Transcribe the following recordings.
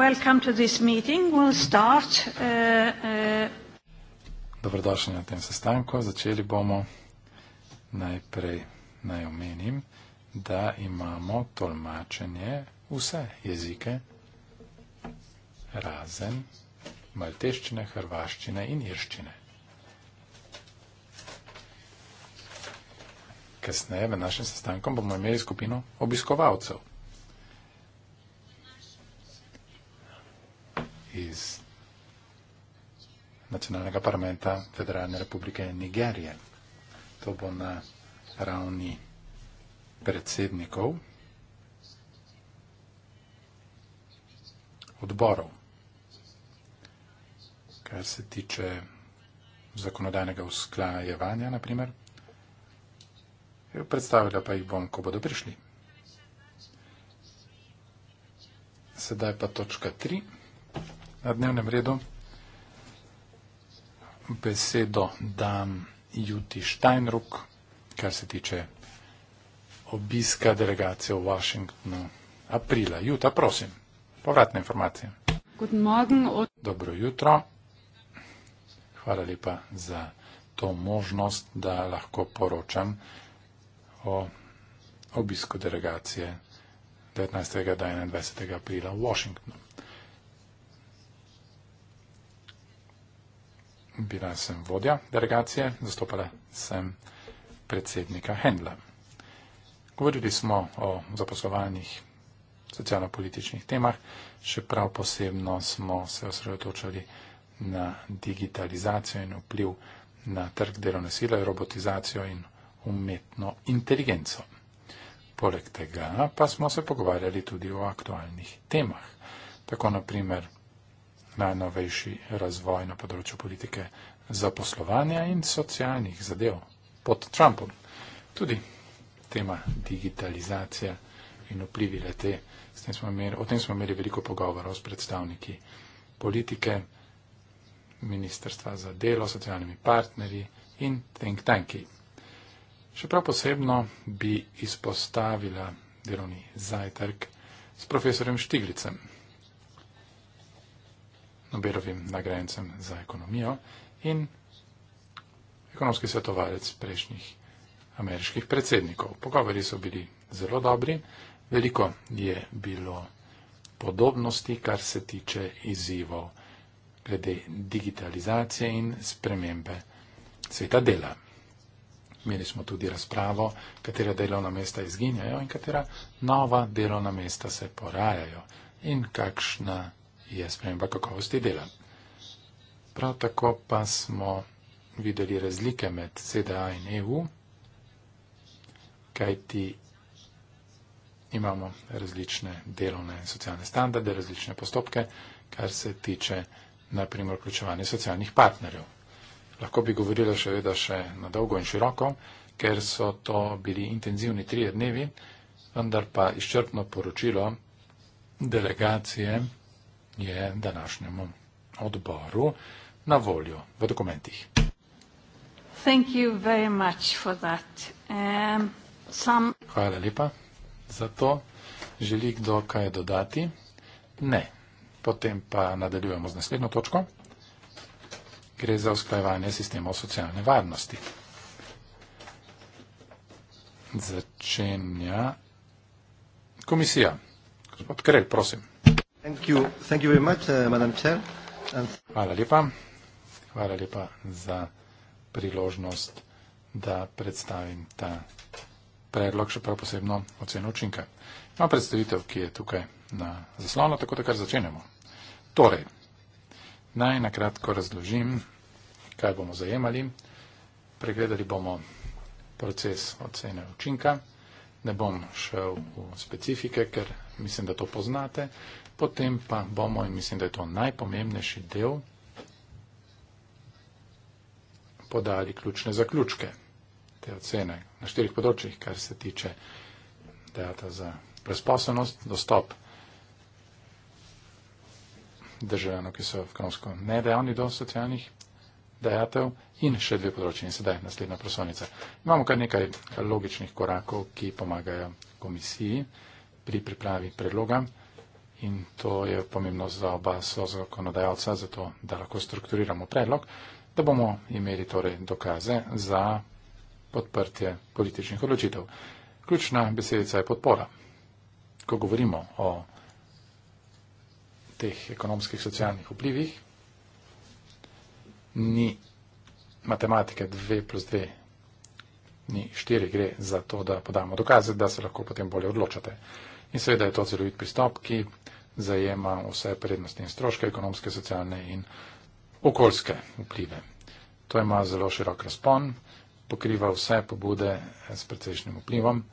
Welcome to this meeting. We'll start. Uh, uh, Dobrodošli na tem sestanku. Začeli bomo. Najprej naj omenim, da imamo tolmačenje vse jezike, razen malteščine, hrvaščine in irščine. Kasneje v našem sestanku bomo imeli skupino obiskovalcev. nacionalnega parlamenta Federalne republike Nigerije. To bo na ravni predsednikov odborov. Kar se tiče zakonodajnega usklajevanja, naprimer, predstavila pa jih bom, ko bodo prišli. Sedaj pa točka tri na dnevnem redu besedo dam Juti Steinruck, kar se tiče obiska delegacije v Washingtonu aprila. Juta, prosim, povratne informacije. Dobro jutro. Hvala lepa za to možnost, da lahko poročam o obisku delegacije 19. in 21. aprila v Washingtonu. bila sem vodja delegacije, zastopala sem predsednika Hendla. Govorili smo o zaposlovanjih socialno-političnih temah, še prav posebno smo se osredotočali na digitalizacijo in vpliv na trg delovne sile, robotizacijo in umetno inteligenco. Poleg tega pa smo se pogovarjali tudi o aktualnih temah. Tako naprimer najnovejši razvoj na področju politike zaposlovanja in socialnih zadev pod Trumpom. Tudi tema digitalizacija in vplivi lete, o tem smo imeli veliko pogovorov s predstavniki politike, Ministrstva za delo, socialnimi partnerji in think tanki. Še prav posebno bi izpostavila delovni zajtrk s profesorjem Štiglicem. Nobelovim nagrajencem za ekonomijo in ekonomski svetovalec prejšnjih ameriških predsednikov. Pogovori so bili zelo dobri, veliko je bilo podobnosti, kar se tiče izzivov glede digitalizacije in spremembe sveta dela. Imeli smo tudi razpravo, katera delovna mesta izginjajo in katera nova delovna mesta se porajajo in kakšna je sprememba kakovosti dela. Prav tako pa smo videli razlike med ZDA in EU, kajti imamo različne delovne in socialne standarde, različne postopke, kar se tiče naprimer vključevanja socialnih partnerjev. Lahko bi govorila še veda še na dolgo in široko, ker so to bili intenzivni trije dnevi, vendar pa izčrpno poročilo delegacije je današnjemu odboru na voljo v dokumentih. Um, Hvala lepa za to. Želi kdo kaj dodati? Ne. Potem pa nadaljujemo z naslednjo točko. Gre za usklajevanje sistemov socialne varnosti. Začenja komisija. Gospod Krelj, prosim. Uh, Hvala lepa. Hvala lepa za priložnost, da predstavim ta predlog, še prav posebno oceno učinka. Imam predstavitev, ki je tukaj na zaslonu, tako da kar začenjamo. Torej, naj nakratko razložim, kaj bomo zajemali. Pregledali bomo proces ocene učinka. Ne bom šel v specifike, ker mislim, da to poznate potem pa bomo, in mislim, da je to najpomembnejši del, podali ključne zaključke te ocene na štirih področjih, kar se tiče dejata za brezposobnost, dostop državljanov, ki so v kromsko nedejavni do socialnih dejatev in še dve področje in sedaj naslednja prosovnica. Imamo kar nekaj logičnih korakov, ki pomagajo komisiji pri pripravi predloga in to je pomembno za oba so zakonodajalca, zato da lahko strukturiramo predlog, da bomo imeli torej dokaze za podprtje političnih odločitev. Ključna besedica je podpora. Ko govorimo o teh ekonomskih socialnih vplivih, ni matematike 2 plus 2, ni 4, gre za to, da podamo dokaze, da se lahko potem bolje odločate. In seveda je to celovit pristop, ki zajema vse prednosti in stroške, ekonomske, socialne in okoljske vplive. To ima zelo širok razpon, pokriva vse pobude s precejšnjim vplivom,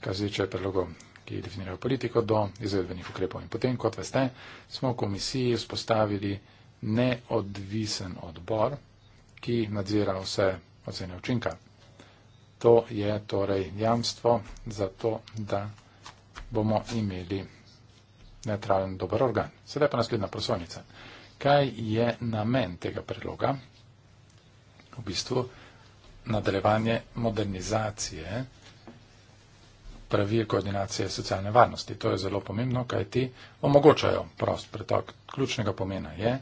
kar se tiče predlogov, ki definirajo politiko, do izvedbenih ukrepov. In potem, kot veste, smo v komisiji vzpostavili neodvisen odbor, ki nadzira vse ocene učinka. To je torej jamstvo za to, da bomo imeli neutralen dober organ. Sedaj pa naslednja prosovnica. Kaj je namen tega predloga? V bistvu nadaljevanje modernizacije pravil koordinacije socialne varnosti. To je zelo pomembno, kaj ti omogočajo prost pretok. Ključnega pomena je,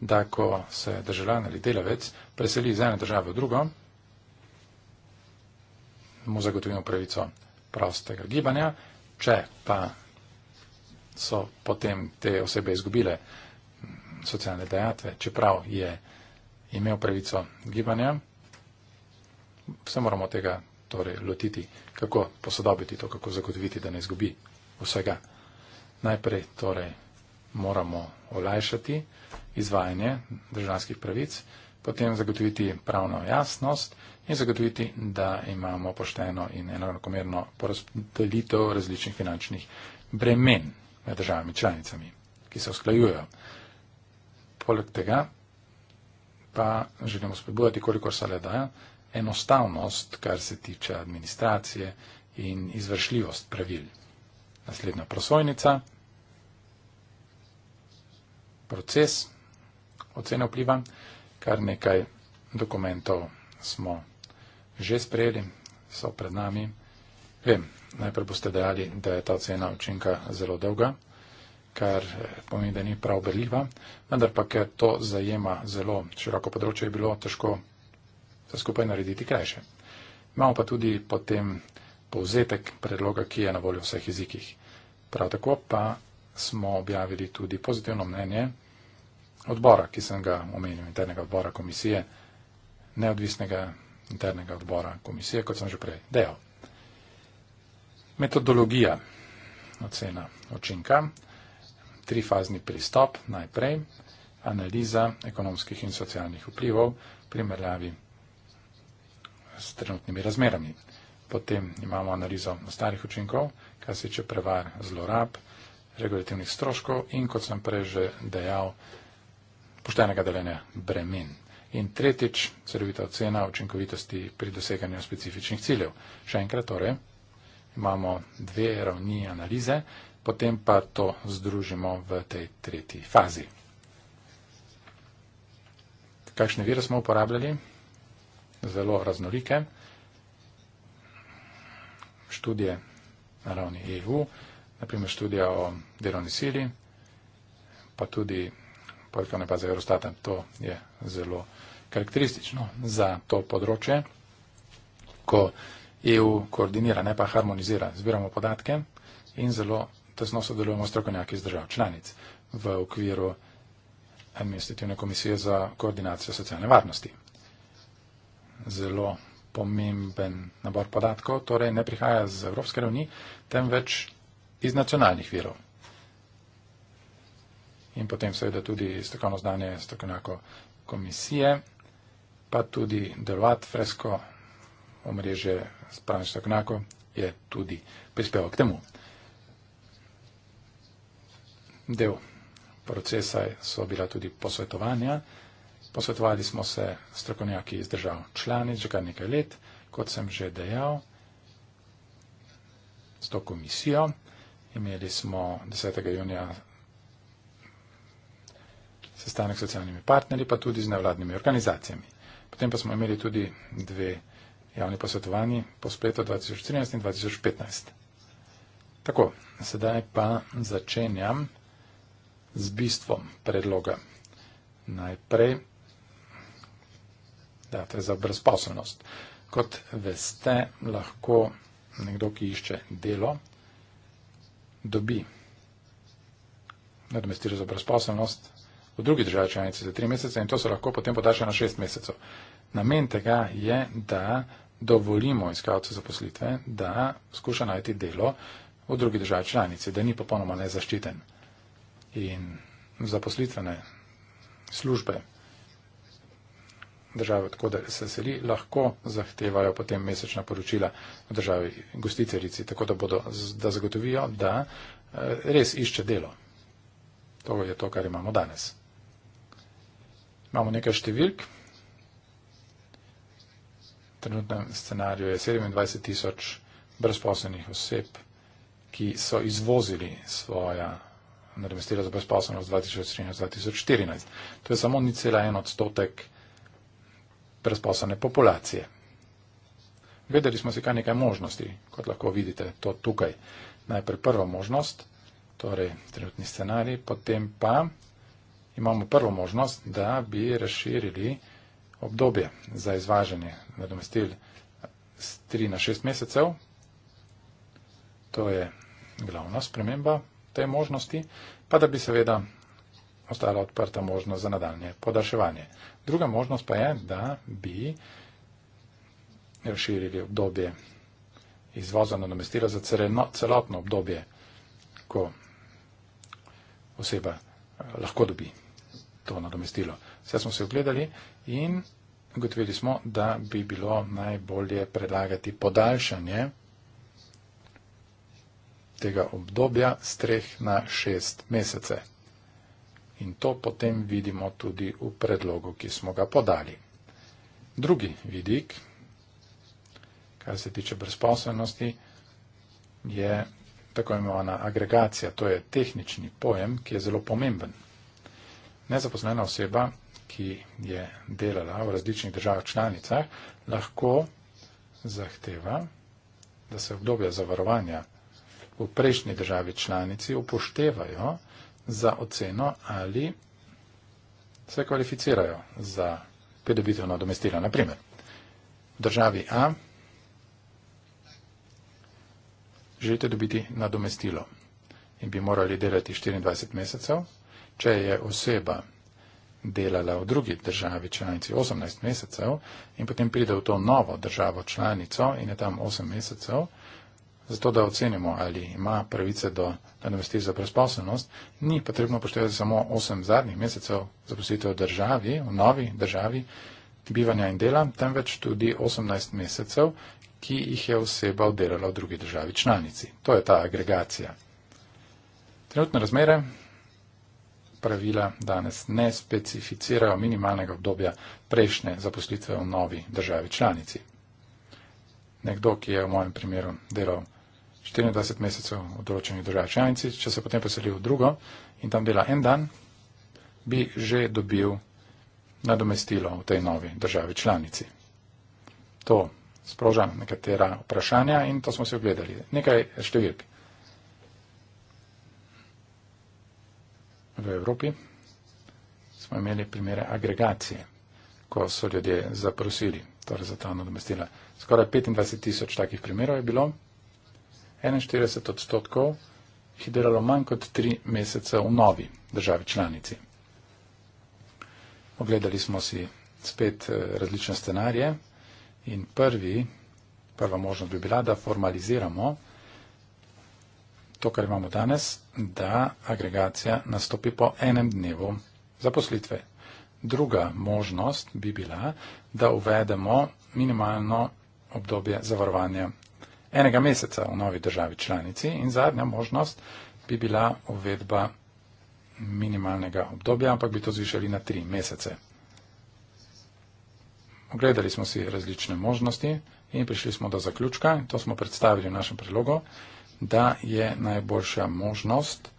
da ko se državljan ali delavec preseli iz ene države v drugo, mu zagotovimo pravico prostega gibanja, če pa so potem te osebe izgubile socialne dejatve, čeprav je imel pravico gibanja, se moramo tega torej lotiti, kako posodobiti to, kako zagotoviti, da ne izgubi vsega. Najprej torej moramo olajšati izvajanje državskih pravic, potem zagotoviti pravno jasnost, in zagotoviti, da imamo pošteno in enakomerno porazdelitev različnih finančnih bremen med državami članicami, ki se usklajujejo. Poleg tega pa želimo spodbujati, koliko se le da, enostavnost, kar se tiče administracije in izvršljivost pravil. Naslednja prosojnica, proces ocene vpliva, kar nekaj dokumentov smo že sprejeli, so pred nami. Vem, najprej boste dejali, da je ta cena učinka zelo dolga, kar eh, pomeni, da ni prav berljiva, vendar pa, ker to zajema zelo široko področje, je bilo težko vse skupaj narediti krajše. Imamo pa tudi potem povzetek predloga, ki je na voljo v vseh jezikih. Prav tako pa smo objavili tudi pozitivno mnenje odbora, ki sem ga omenil, internega odbora komisije, neodvisnega internega odbora komisije, kot sem že prej dejal. Metodologija ocena očinka, trifazni pristop najprej, analiza ekonomskih in socialnih vplivov primerjavi s trenutnimi razmerami. Potem imamo analizo ostalih učinkov, kar se tiče prevar, zlorab, regulativnih stroškov in, kot sem prej že dejal, poštenega deljenja bremen in tretjič, celovita ocena učinkovitosti pri doseganju specifičnih ciljev. Še enkrat torej, imamo dve ravni analize, potem pa to združimo v tej tretji fazi. Kakšne vire smo uporabljali? Zelo raznolike. Študije na ravni EU, naprimer študija o delovni sili, pa tudi, pojkane pa za Eurostatem, to je zelo karakteristično za to področje, ko EU koordinira, ne pa harmonizira, zbiramo podatke in zelo tesno sodelujemo strokovnjaki iz držav članic v okviru administrativne komisije za koordinacijo socialne varnosti. Zelo pomemben nabor podatkov, torej ne prihaja z Evropske ravni, temveč iz nacionalnih virov. In potem seveda tudi strokovno znanje strokovnjako komisije, pa tudi delovati fresko omrežje s pravnostjo knako je tudi prispevek k temu. Del procesa so bila tudi posvetovanja. Posvetovali smo se strokovnjaki iz držav članic že kar nekaj let, kot sem že dejal, s to komisijo. Imeli smo 10. junija sestanek s socialnimi partnerji, pa tudi z nevladnimi organizacijami. Potem pa smo imeli tudi dve javni posvetovanji po spletu 2013 in 2015. Tako, sedaj pa začenjam z bistvom predloga. Najprej, da, to je za brezposobnost. Kot veste, lahko nekdo, ki išče delo, dobi nadomestilo za brezposobnost v drugi državi članici za tri mesece in to se lahko potem podaljša na šest mesecev. Namen tega je, da dovolimo iskalcu zaposlitve, da skuša najti delo v drugi državi članici, da ni popolnoma nezaščiten. In zaposlitvene službe države, tako da se seli, lahko zahtevajo potem mesečna poročila v državi gostiteljici, tako da, bodo, da zagotovijo, da eh, res išče delo. To je to, kar imamo danes. Imamo nekaj številk. Trenutnem scenariju je 27 tisoč brezposobnih oseb, ki so izvozili svoja nadomestila za brezposobnost 2013-2014. To je samo ni cela en odstotek brezposobne populacije. Vedeli smo si kar nekaj možnosti, kot lahko vidite to tukaj. Najprej prva možnost, torej trenutni scenarij, potem pa imamo prvo možnost, da bi razširili obdobje za izvažanje nadomestil z 3 na 6 mesecev. To je glavna sprememba te možnosti, pa da bi seveda ostala odprta možnost za nadaljne podaljševanje. Druga možnost pa je, da bi razširili obdobje izvoza nadomestila za celotno obdobje, ko oseba eh, lahko dobi to nadomestilo. Vse smo se ogledali in gotovili smo, da bi bilo najbolje predlagati podaljšanje tega obdobja z treh na šest mesece. In to potem vidimo tudi v predlogu, ki smo ga podali. Drugi vidik, kar se tiče brezposobnosti, je tako imenovana agregacija. To je tehnični pojem, ki je zelo pomemben nezaposlena oseba, ki je delala v različnih državah članicah, lahko zahteva, da se obdobja zavarovanja v prejšnji državi članici upoštevajo za oceno ali se kvalificirajo za pridobitev nadomestila. Naprimer, v državi A želite dobiti nadomestilo in bi morali delati 24 mesecev če je oseba delala v drugi državi članici 18 mesecev in potem pride v to novo državo članico in je tam 8 mesecev, zato da ocenimo, ali ima pravice do nadomesti za brezposobnost, ni potrebno upoštevati samo 8 zadnjih mesecev zaposlitve v državi, v novi državi bivanja in dela, temveč tudi 18 mesecev, ki jih je oseba oddelala v drugi državi članici. To je ta agregacija. Trenutne razmere pravila danes ne specificirajo minimalnega obdobja prejšnje zaposlitve v novi državi članici. Nekdo, ki je v mojem primeru delal 24 mesecev v določeni državi članici, če se potem poselil v drugo in tam dela en dan, bi že dobil nadomestilo v tej novi državi članici. To sproža nekatera vprašanja in to smo si ogledali. Nekaj številk. v Evropi smo imeli primere agregacije, ko so ljudje zaprosili torej za ta nadomestila. Skoraj 25 tisoč takih primerov je bilo, 41 odstotkov jih je delalo manj kot tri mesece v novi državi članici. Ogledali smo si spet eh, različne scenarije in prvi, prva možnost bi bila, da formaliziramo to, kar imamo danes, da agregacija nastopi po enem dnevu zaposlitve. Druga možnost bi bila, da uvedemo minimalno obdobje zavarovanja enega meseca v novi državi članici in zadnja možnost bi bila uvedba minimalnega obdobja, ampak bi to zvišali na tri mesece. Ogledali smo si različne možnosti in prišli smo do zaključka, to smo predstavili v našem prilogu da je najboljša možnost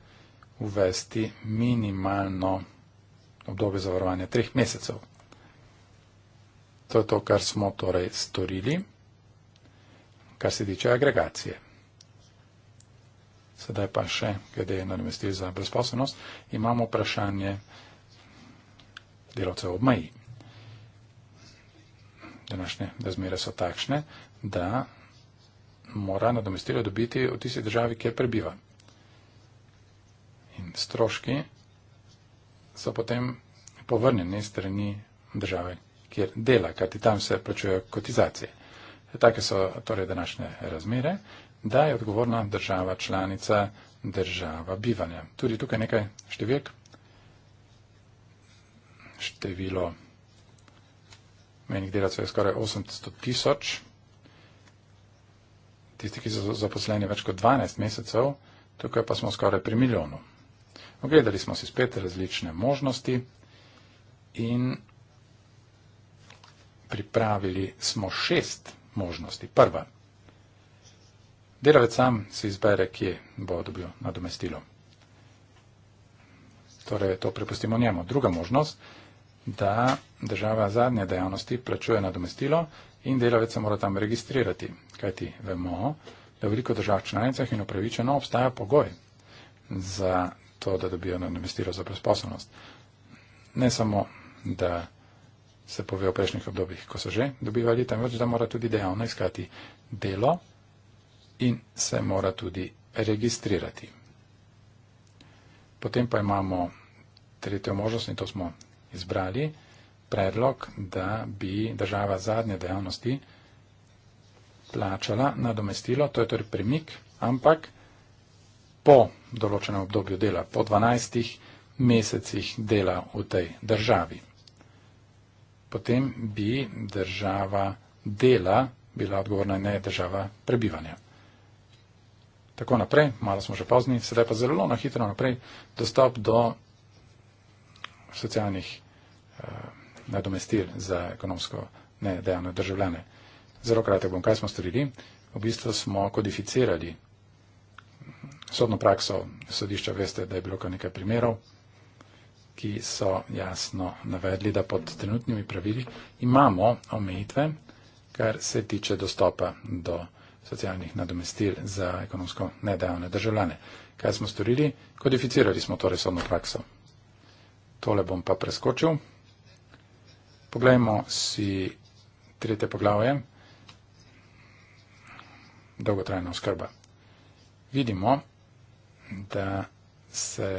uvesti minimalno obdobje zavarovanja treh mesecev. To je to, kar smo torej storili, kar se tiče agregacije. Sedaj pa še, glede na domestil za brezposobnost, imamo vprašanje delovcev ob maji. Današnje razmere so takšne, da mora nadomestilo dobiti v tisti državi, kjer prebiva. In stroški so potem povrnjeni strani države, kjer dela, kajti tam se plačujejo kotizacije. Take so torej današnje razmere, da je odgovorna država članica država bivanja. Tudi tukaj nekaj številk. Število menih delavcev je skoraj 800 tisoč tisti, ki so zaposleni več kot 12 mesecev, tukaj pa smo skoraj pri milijonu. Ogledali smo si spet različne možnosti in pripravili smo šest možnosti. Prva. Delavec sam si izbere, kje bo dobil nadomestilo. Torej, to prepustimo njemu. Druga možnost, da država zadnje dejavnosti plačuje nadomestilo, in delavec se mora tam registrirati. Kajti vemo, da v veliko držav članicah in upravičeno obstaja pogoj za to, da dobijo nadomestilo za brezposobnost. Ne samo, da se pove v prejšnjih obdobjih, ko so že dobivali, temveč, da mora tudi dejavno iskati delo in se mora tudi registrirati. Potem pa imamo tretjo možnost in to smo izbrali predlog, da bi država zadnje dejavnosti plačala nadomestilo, to je torej premik, ampak po določenem obdobju dela, po 12 mesecih dela v tej državi. Potem bi država dela bila odgovorna in ne država prebivanja. Tako naprej, malo smo že pozni, sedaj pa zelo na hitro naprej dostop do socialnih. Uh, nadomestil za ekonomsko nedejavne državljane. Zelo kratek bom, kaj smo storili. V bistvu smo kodificirali sodno prakso sodišča, veste, da je bilo kar nekaj primerov, ki so jasno navedli, da pod trenutnimi pravili imamo omejitve, kar se tiče dostopa do socialnih nadomestil za ekonomsko nedejavne državljane. Kaj smo storili? Kodificirali smo torej sodno prakso. Tole bom pa preskočil. Poglejmo si tretje poglavje. Dolgotrajna oskrba. Vidimo, da se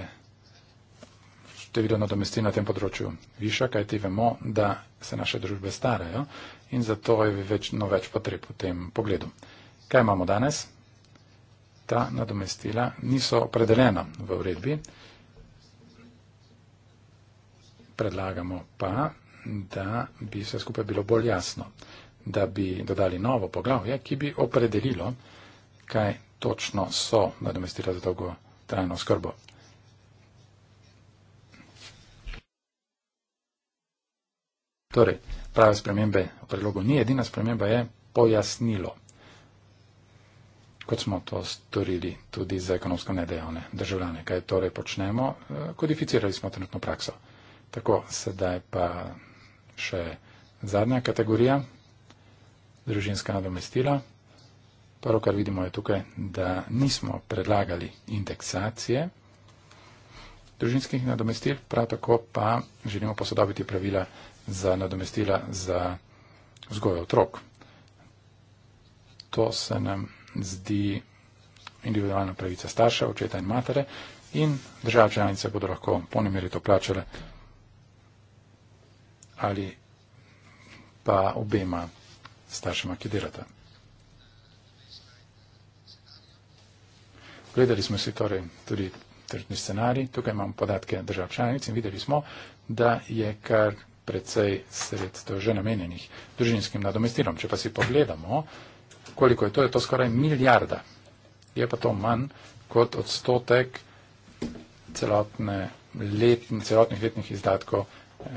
število nadomesti na tem področju viša, kajti vemo, da se naše družbe starajo in zato je večno več potreb v tem pogledu. Kaj imamo danes? Ta nadomestila niso opredeljena v uredbi. Predlagamo pa, da bi vse skupaj bilo bolj jasno, da bi dodali novo poglavje, ki bi opredelilo, kaj točno so nadomestila za dolgotrajno skrbo. Torej, prave spremembe v predlogu ni, edina sprememba je pojasnilo, kot smo to storili tudi za ekonomsko nedejavne državljane, kaj torej počnemo, eh, kodificirali smo trenutno prakso. Tako sedaj pa še zadnja kategorija, družinska nadomestila. Prvo, kar vidimo je tukaj, da nismo predlagali indeksacije družinskih nadomestil, prav tako pa želimo posodobiti pravila za nadomestila za vzgojo otrok. To se nam zdi individualna pravica starša, očeta in matere in država članice bodo lahko po nemeritu plačale ali pa obema staršema, ki delata. Gledali smo si torej tudi tržni scenarij, tukaj imamo podatke držav članic in videli smo, da je kar precej sredstev že namenjenih družinskim nadomestilom. Če pa si pogledamo, koliko je to, je to skoraj milijarda. Je pa to manj kot odstotek celotne letni, celotnih letnih izdatkov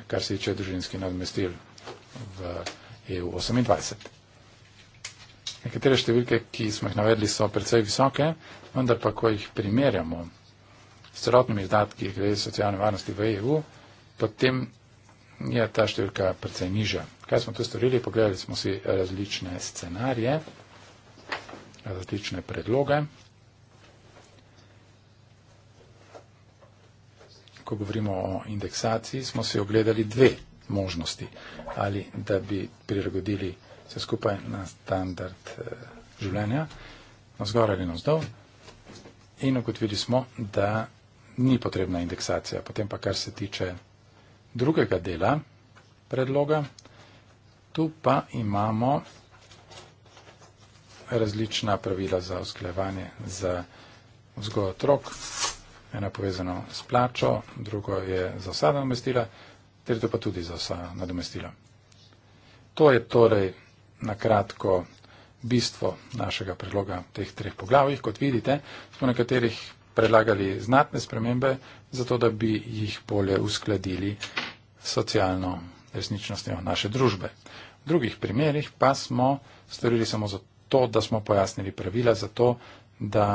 kar se tiče družinskih nadomestil v EU28. Nekatere številke, ki smo jih navedli, so precej visoke, vendar pa, ko jih primerjamo s celotnimi izdatki glede socialne varnosti v EU, potem je ta številka precej niža. Kaj smo tu storili? Pogledali smo si različne scenarije, različne predloge. ko govorimo o indeksaciji, smo si ogledali dve možnosti. Ali da bi prilagodili vse skupaj na standard eh, življenja, na zgor ali na zdol. In ugotovili smo, da ni potrebna indeksacija. Potem pa, kar se tiče drugega dela predloga, tu pa imamo različna pravila za usklajevanje za vzgojo otrok, eno povezano s plačo, drugo je za vsa nadomestila, tretjo pa tudi za vsa nadomestila. To je torej na kratko bistvo našega predloga teh treh poglavjih. Kot vidite, smo nekaterih predlagali znatne spremembe, zato da bi jih bolje uskladili socialno resničnostjo naše družbe. V drugih primerih pa smo storili samo za to, da smo pojasnili pravila za to, da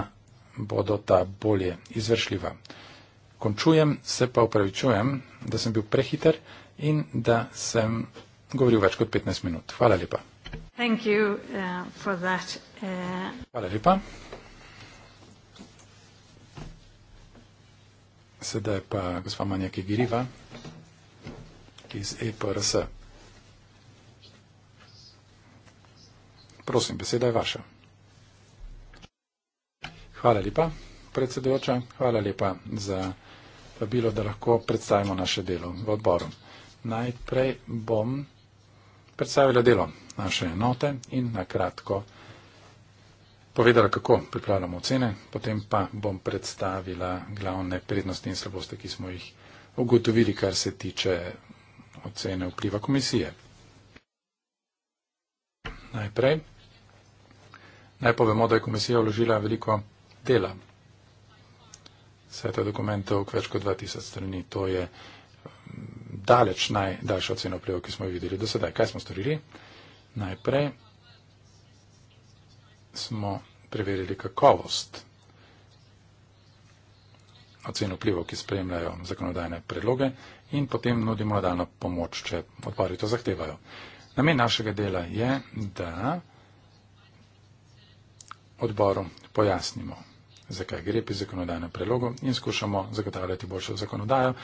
bodo ta bolje izvršljiva. Končujem, se pa upravičujem, da sem bil prehiter in da sem govoril več kot 15 minut. Hvala lepa. Thank you, uh, for that, uh... Hvala lepa. Sedaj pa gospa Manja Kigiriva iz EPRS. Prosim, beseda je vaša. Hvala lepa, predsedujoča. Hvala lepa za vabilo, da lahko predstavimo naše delo v odboru. Najprej bom predstavila delo naše enote in na kratko povedala, kako pripravljamo ocene, potem pa bom predstavila glavne prednosti in slabosti, ki smo jih ugotovili, kar se tiče ocene vpliva komisije. Najprej naj povemo, da je komisija vložila veliko dela. Sveto dokumentov več kot 2000 strani, to je mm, daleč najdaljša ocena vplivov, ki smo jo videli do sedaj. Kaj smo storili? Najprej smo preverili kakovost ocen vplivov, ki spremljajo zakonodajne predloge in potem nudimo nadaljno pomoč, če odbori to zahtevajo. Namen našega dela je, da odboru pojasnimo zakaj gre pri zakonodajnem prelogu in skušamo zagotavljati boljšo zakonodajo,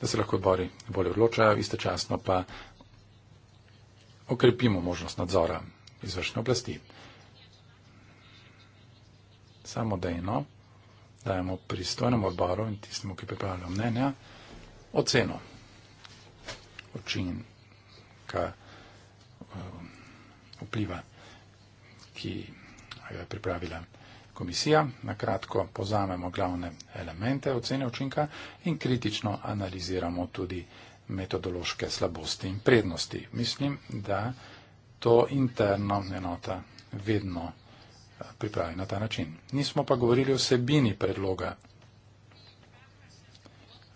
da se lahko odbori bolje odločajo, istočasno pa okrepimo možnost nadzora izvršne oblasti. Samo dejno dajemo pristojnemu odboru in tistemu, ki pripravlja mnenja, oceno učinka eh, vpliva, ki ga je pripravila komisija, na kratko pozamemo glavne elemente ocene učinka in kritično analiziramo tudi metodološke slabosti in prednosti. Mislim, da to interno enota vedno eh, pripravi na ta način. Nismo pa govorili o sebini predloga.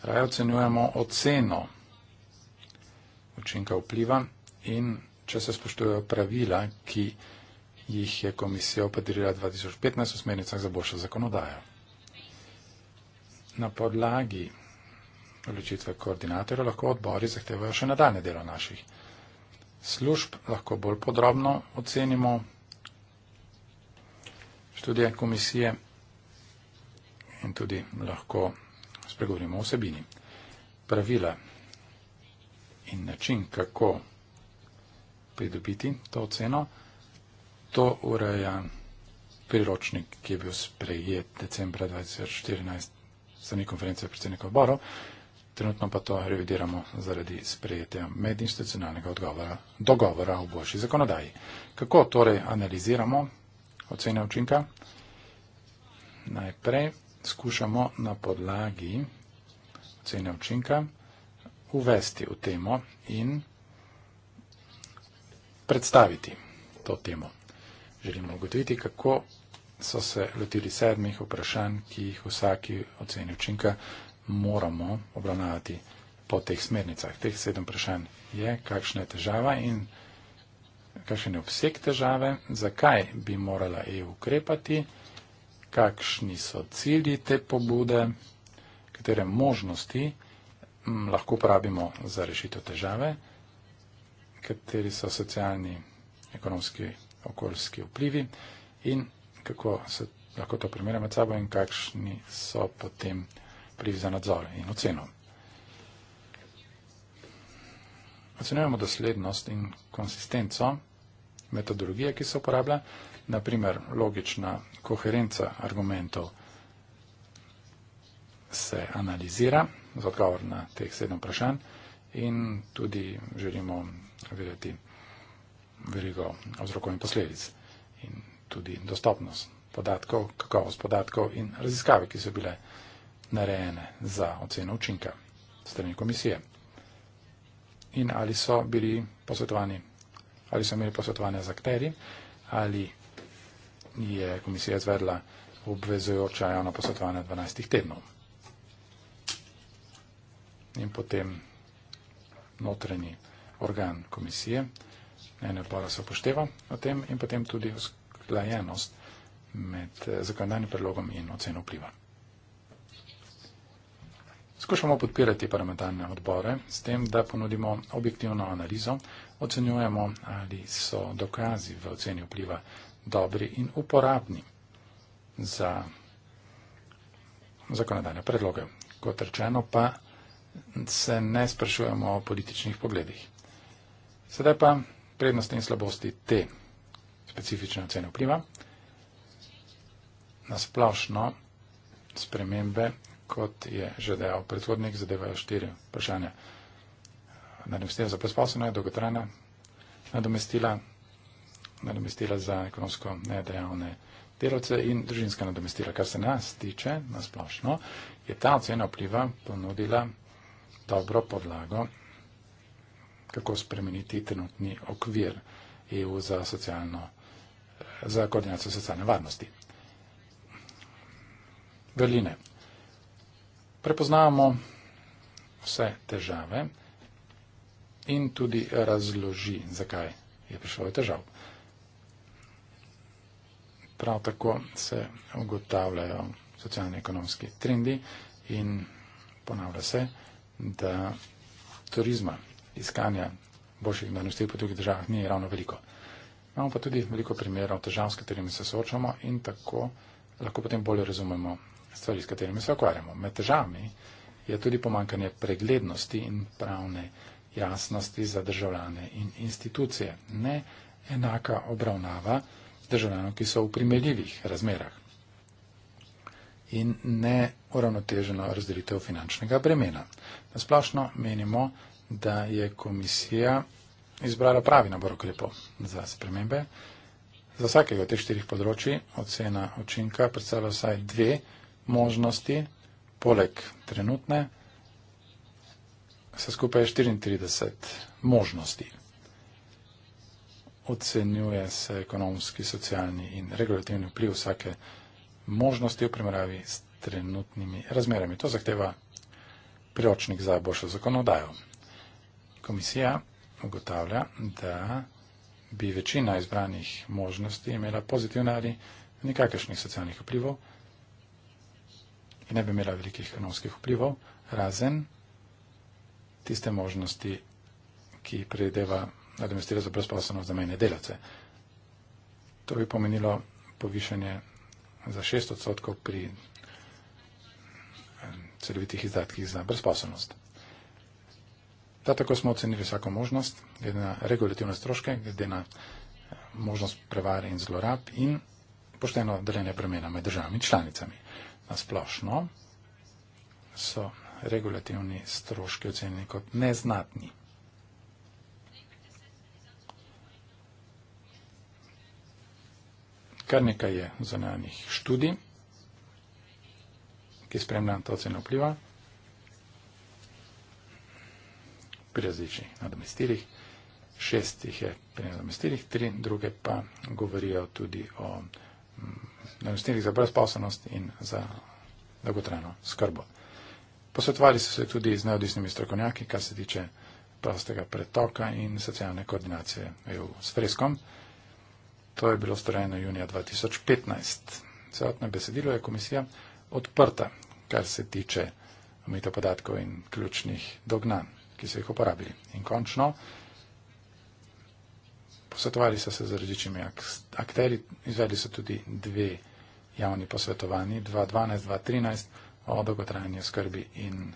Raje ocenjujemo oceno učinka vpliva in če se spoštujejo pravila, ki vpliva, jih je komisija opadirila 2015 v smernicah za boljšo zakonodajo. Na podlagi odločitve koordinatorja lahko odbori zahtevajo še nadaljne delo naših služb, lahko bolj podrobno ocenimo študije komisije in tudi lahko spregovorimo o vsebini. Pravila in način, kako pridobiti to oceno, to ureja priročnik, ki je bil sprejet decembra 2014 strani konference predsednikov odborov, trenutno pa to revidiramo zaradi sprejetja medinstitucionalnega odgovora, dogovora o boljši zakonodaji. Kako torej analiziramo ocene učinka? Najprej skušamo na podlagi ocene učinka uvesti v temo in predstaviti to temo želimo ugotoviti, kako so se lotili sedmih vprašanj, ki jih vsaki oceni učinka moramo obravnavati po teh smernicah. Teh sedem vprašanj je, kakšna je težava in kakšen je obseg težave, zakaj bi morala EU ukrepati, kakšni so cilji te pobude, katere možnosti lahko uporabimo za rešitev težave, kateri so socialni, ekonomski okoljski vplivi in kako se lahko to primerja med sabo in kakšni so potem vplivi za nadzor in oceno. Ocenujemo doslednost in konsistenco metodologije, ki se uporablja, naprimer logična koherenca argumentov se analizira z odgovor na teh sedem vprašanj in tudi želimo videti veliko vzrokov in posledic in tudi dostopnost podatkov, kakovost podatkov in raziskave, ki so bile narejene za oceno učinka strani komisije. In ali so bili posvetovani, ali so imeli posvetovanje z akteri, ali je komisija izvedla obvezujoča javna posvetovanja 12 tednov. In potem notranji organ komisije ene pora se upošteva o tem in potem tudi usklajenost med eh, zakonodajnim predlogom in oceno vpliva. Skušamo podpirati parlamentarne odbore s tem, da ponudimo objektivno analizo, ocenjujemo, ali so dokazi v oceni vpliva dobri in uporabni za zakonodajne predloge. Kot rečeno, pa se ne sprašujemo o političnih pogledih. Sedaj pa prednosti in slabosti te specifične ocene vpliva. Nasplošno spremembe, kot je že dejal predhodnik, zadevajo štiri vprašanja. Nadomestila za brezposobne, dolgotrajna nadomestila, nadomestila za ekonomsko nedejavne delovce in družinska nadomestila. Kar se nas tiče, nasplošno, je ta ocena vpliva ponudila dobro podlago kako spremeniti trenutni okvir EU za, socialno, za koordinacijo socialne varnosti. Berline. Prepoznavamo vse težave in tudi razloži, zakaj je prišlo do težav. Prav tako se ugotavljajo socialno-ekonomski trendi in ponavlja se, da turizma iskanja boljših danosti po drugih državah ni ravno veliko. Imamo pa tudi veliko primerov težav, s katerimi se soočamo in tako lahko potem bolje razumemo stvari, s katerimi se okvarjamo. Med težavami je tudi pomankanje preglednosti in pravne jasnosti za državljane in institucije. Ne enaka obravnava državljanov, ki so v primerljivih razmerah in ne uravnoteženo razdelitev finančnega bremena. Na splošno menimo, da je komisija izbrala pravi nabor ukrepov za spremembe. Za vsakega od teh štirih področji ocena učinka predstavlja vsaj dve možnosti, poleg trenutne, se skupaj 34 možnosti. Ocenjuje se ekonomski, socialni in regulativni vpliv vsake možnosti v primeravi s trenutnimi razmerami. To zahteva priročnik za boljšo zakonodajo. Komisija ugotavlja, da bi večina izbranih možnosti imela pozitivne ali nikakršnih socialnih vplivov in ne bi imela velikih ekonomskih vplivov, razen tiste možnosti, ki predeva nadomestila za brezposobnost za menje delavce. To bi pomenilo povišanje za šest odstotkov pri eh, celovitih izdatkih za brezposobnost. Da, tako smo ocenili vsako možnost, glede na regulativne stroške, glede na eh, možnost prevare in zlorab in pošteno deljenje bremena med državami članicami. Na splošno so regulativni stroški ocenjeni kot neznatni. Kar nekaj je zunanjih študij, ki spremljam to ceno vpliva. pri različnih nadomestilih. Šest jih je pri nadomestilih, tri druge pa govorijo tudi o mm, nadomestilih za brezposobnost in za dolgotrajno skrbo. Posvetovali so se tudi z neodvisnimi strokovnjaki, kar se tiče prostega pretoka in socialne koordinacije EU s freskom. To je bilo storjeno junija 2015. Celotno besedilo je komisija odprta, kar se tiče omejitev podatkov in ključnih dognanj ki so jih uporabili. In končno, posvetovali so se z različnimi akteri, izvedli so tudi dve javni posvetovanji, 2.12.2.13 o dolgotrajni skrbi in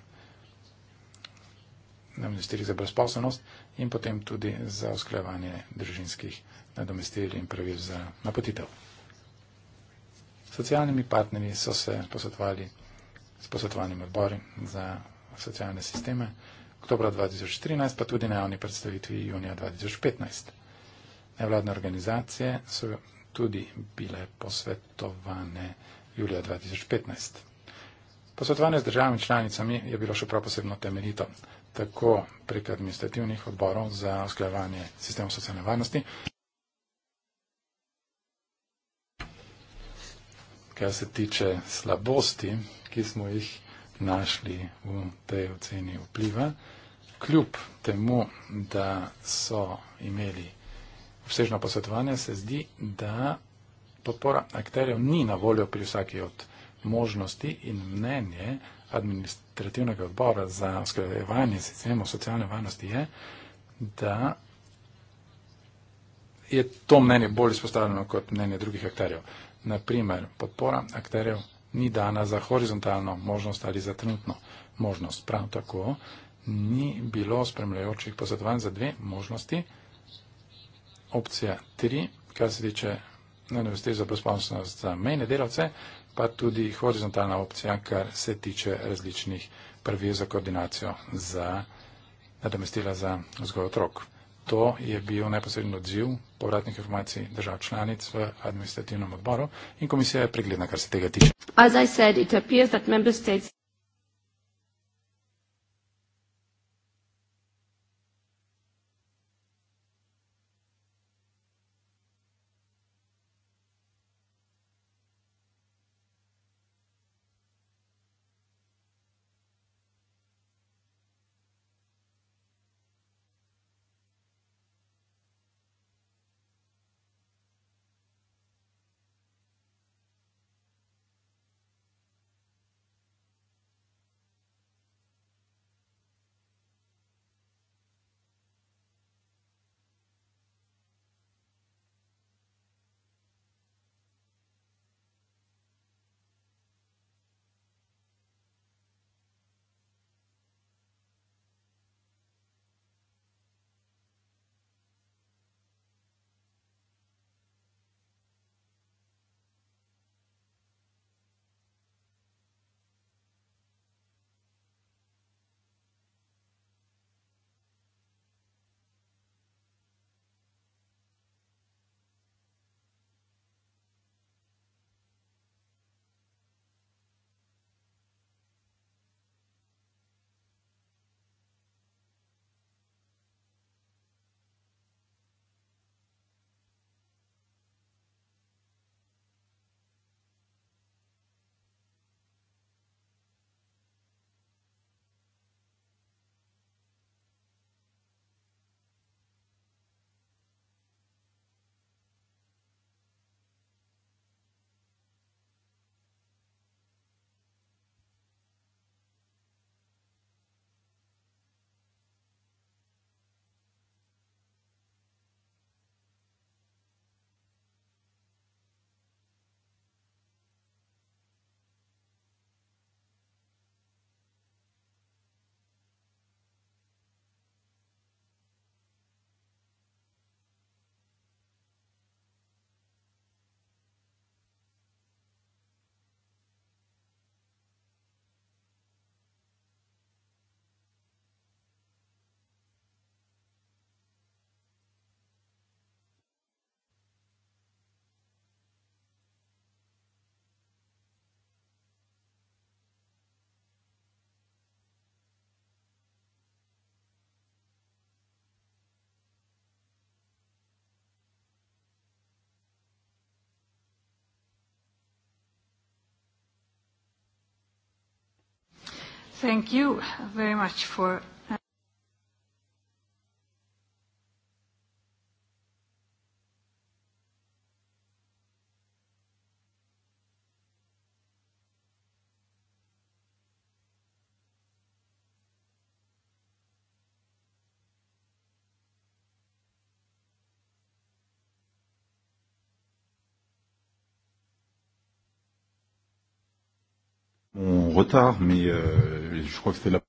na ministerih za brezposobnost in potem tudi za usklajevanje družinskih nadomestil in pravil za napotitev. Socialnimi partnerji so se posvetovali s posvetovanjem odbori za socialne sisteme oktobra 2013, pa tudi na javni predstavitvi junija 2015. Nevladne organizacije so tudi bile posvetovane julija 2015. Posvetovanje z državami članicami je bilo še prav posebno temeljito, tako prek administrativnih odborov za usklajevanje sistemov socialne varnosti. Kaj se tiče slabosti, ki smo jih našli v tej oceni vpliva, kljub temu, da so imeli obsežno posvetovanje, se zdi, da podpora akterjev ni na voljo pri vsaki od možnosti in mnenje administrativnega odbora za skladevanje sistemov socialne varnosti je, da je to mnenje bolj izpostavljeno kot mnenje drugih akterjev. Naprimer, podpora akterjev ni dana za horizontalno možnost ali za trenutno možnost. Prav tako ni bilo spremljajočih posvetovanj za dve možnosti. Opcija tri, kar se tiče Univerzite za brezposobnost za mejne delavce, pa tudi horizontalna opcija, kar se tiče različnih pravil za koordinacijo za nadomestila za vzgoj otrok. To je bil neposredni odziv povratnih informacij držav članic v administrativnem odboru in komisija je pregledna, kar se tega tiče. Thank you very much for tard, mais euh, je crois que c'était la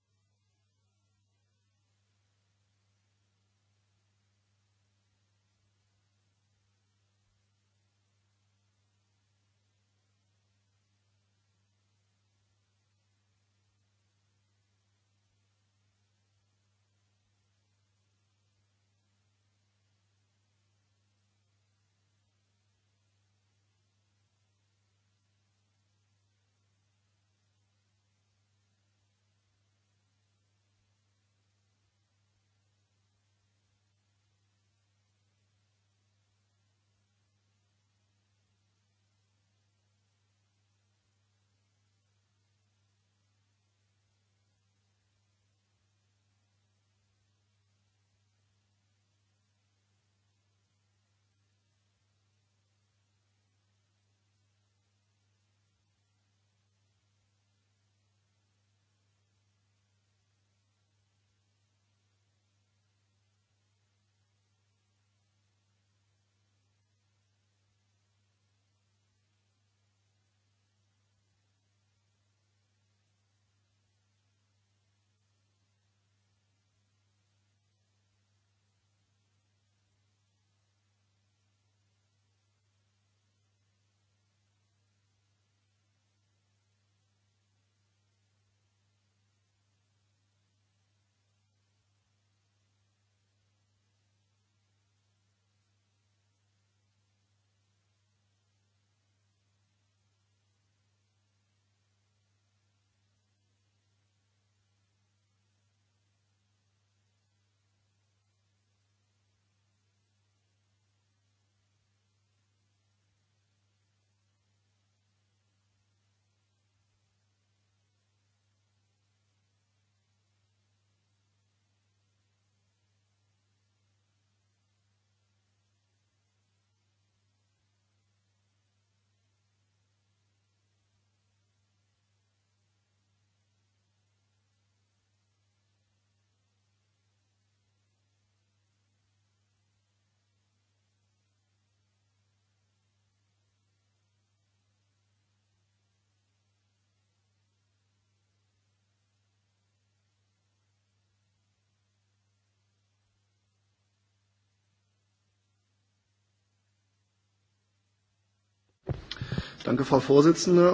Danke, Frau Vorsitzende.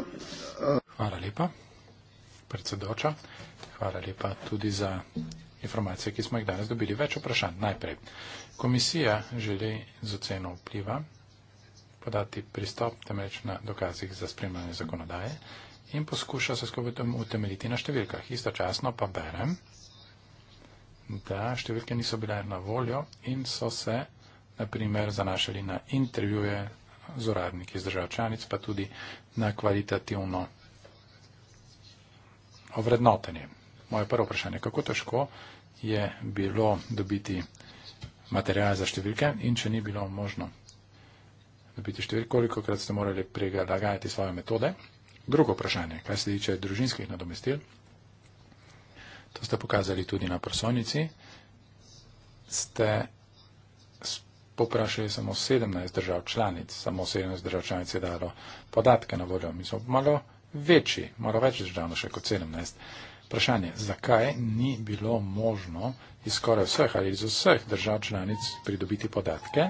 Hvala lepa, predsedoča. Hvala lepa tudi za informacije, ki smo jih danes dobili. Več vprašanj. Najprej. Komisija želi z oceno vpliva podati pristop temveč na dokazih za spremljanje zakonodaje in poskuša se skupaj utemeljiti na številkah. Istočasno pa berem, da številke niso bile na voljo in so se, na primer, zanašali na intervjuje z uradniki iz držav članic, pa tudi na kvalitativno ovrednotenje. Moje prvo vprašanje, kako težko je bilo dobiti materijale za številke in če ni bilo možno dobiti številke, koliko krat ste morali prilagajati svoje metode? Drugo vprašanje, kaj se tiče družinskih nadomestil, to ste pokazali tudi na prosonici, ste poprašali samo 17 držav članic, samo 17 držav članic je dalo podatke na voljo. Mi smo malo večji, malo več držav, še kot 17. Vprašanje, zakaj ni bilo možno iz skoraj vseh ali iz vseh držav članic pridobiti podatke,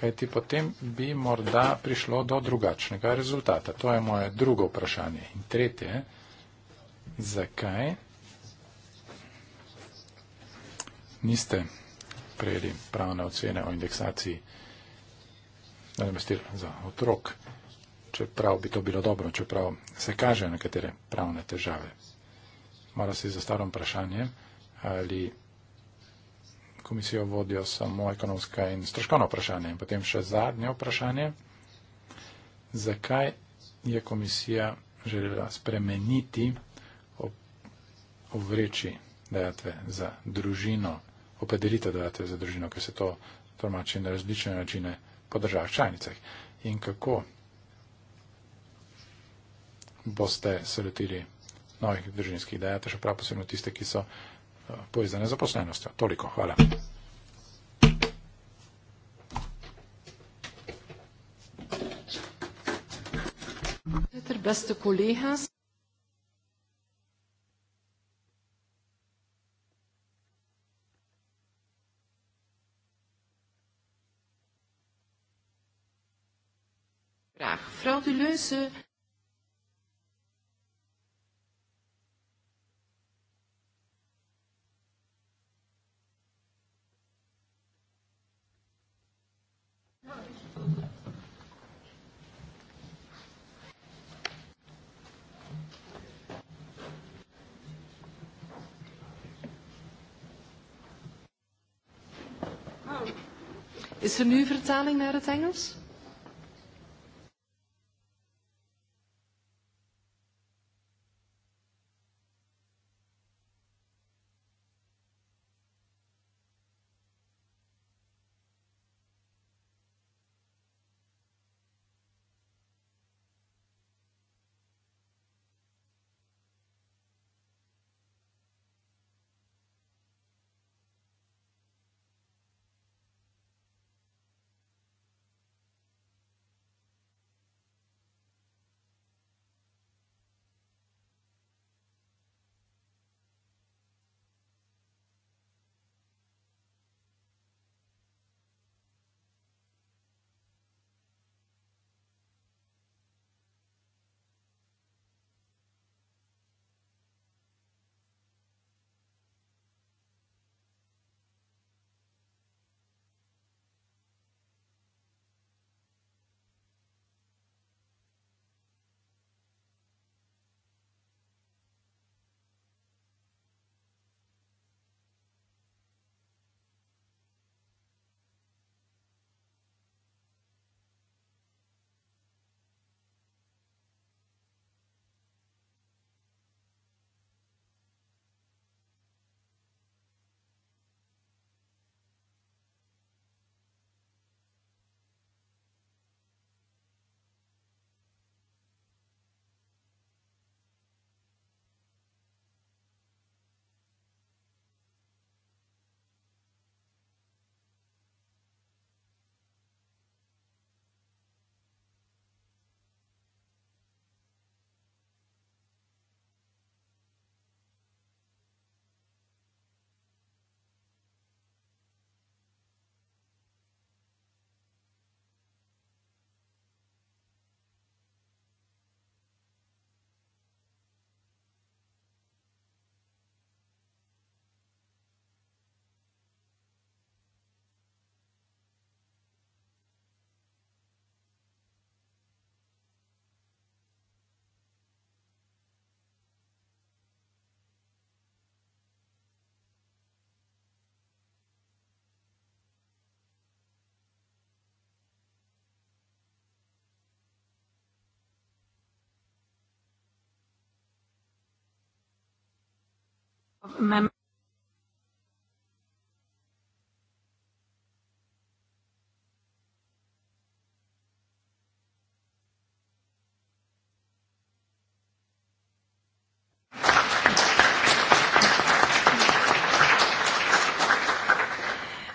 kajti potem bi morda prišlo do drugačnega rezultata. To je moje drugo vprašanje. In tretje, zakaj niste prejeli pravne ocene o indeksaciji nadomestil za otrok, čeprav bi to bilo dobro, čeprav se kaže nekatere pravne težave. Mora se zastavljati vprašanje, ali komisijo vodijo samo ekonomska in stroškovna vprašanja. In potem še zadnje vprašanje, zakaj je komisija želela spremeniti ob, ob vreči dejatve za družino opredelite dodatke za družino, ker se to tolmači na različne načine po državah članicah. In kako boste se lotili novih družinskih dajatev, še prav posebno tiste, ki so eh, povezane z zaposlenostjo. Toliko, hvala. Peter, beste kolega. Tschüsse. Euh, Is er nu vertaling naar het Engels?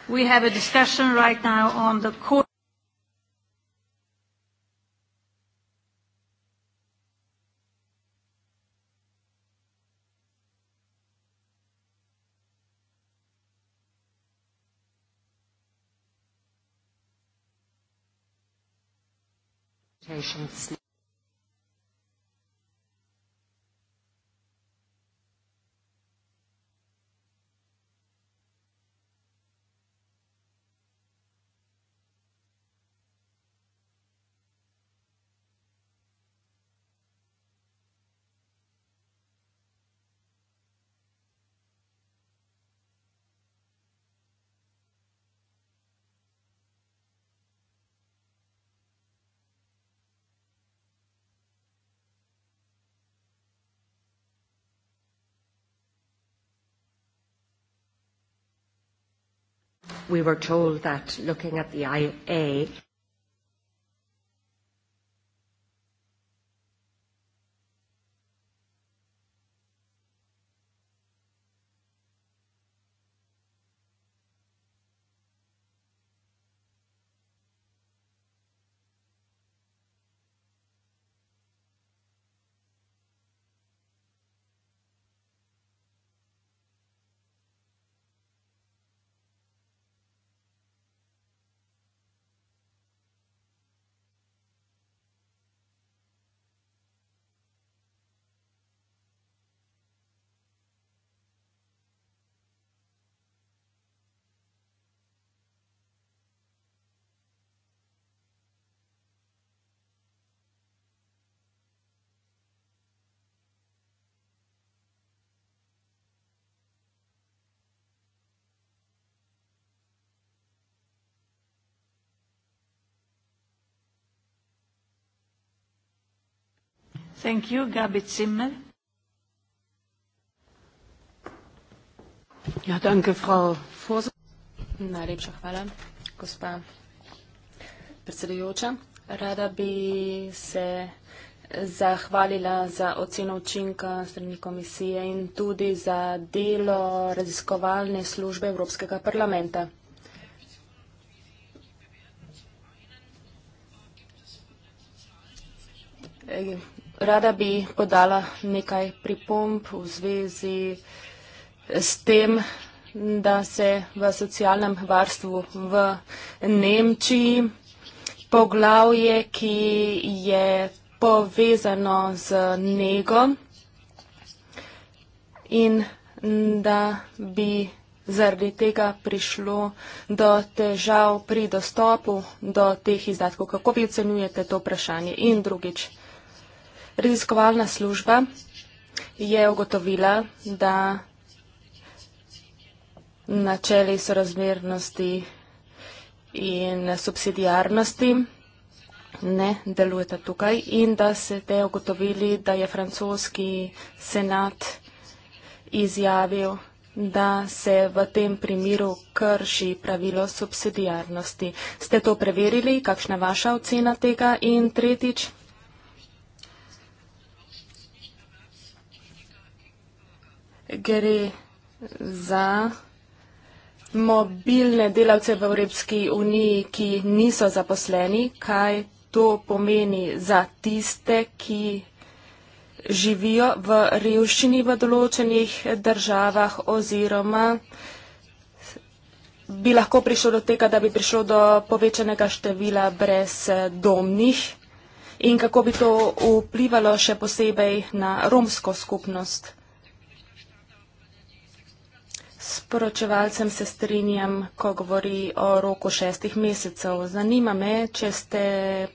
We have a discussion right now on the court. patients. we were told that looking at the IA Thank you. Gabi Zimmer. Ja, danke, Frau Najlepša hvala, gospa predsedujoča. Rada bi se zahvalila za oceno učinka strani komisije in tudi za delo raziskovalne službe Evropskega parlamenta. E, Rada bi podala nekaj pripomb v zvezi s tem, da se v socialnem varstvu v Nemčiji poglavje, ki je povezano z nego in da bi zaradi tega prišlo do težav pri dostopu do teh izdatkov. Kako vi ocenjujete to vprašanje? In drugič. Raziskovalna služba je ugotovila, da načeli sorazmernosti in subsidijarnosti ne delujeta tukaj in da se te ugotovili, da je francoski senat izjavil, da se v tem primeru krši pravilo subsidijarnosti. Ste to preverili? Kakšna je vaša ocena tega? In tretjič, gre za mobilne delavce v Evropski uniji, ki niso zaposleni. Kaj to pomeni za tiste, ki živijo v revščini v določenih državah oziroma bi lahko prišlo do tega, da bi prišlo do povečanega števila brez domnih in kako bi to vplivalo še posebej na romsko skupnost. poročevalcem se strinjam, ko govori o roku šestih mesecev. Zanima me, če ste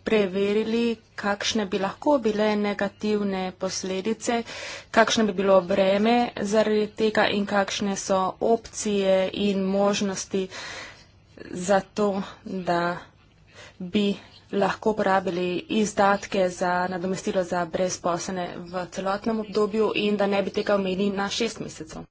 preverili, kakšne bi lahko bile negativne posledice, kakšno bi bilo breme zaradi tega in kakšne so opcije in možnosti za to, da bi lahko uporabili izdatke za nadomestilo za brezposlene v celotnem obdobju in da ne bi tega omenili na šest mesecev.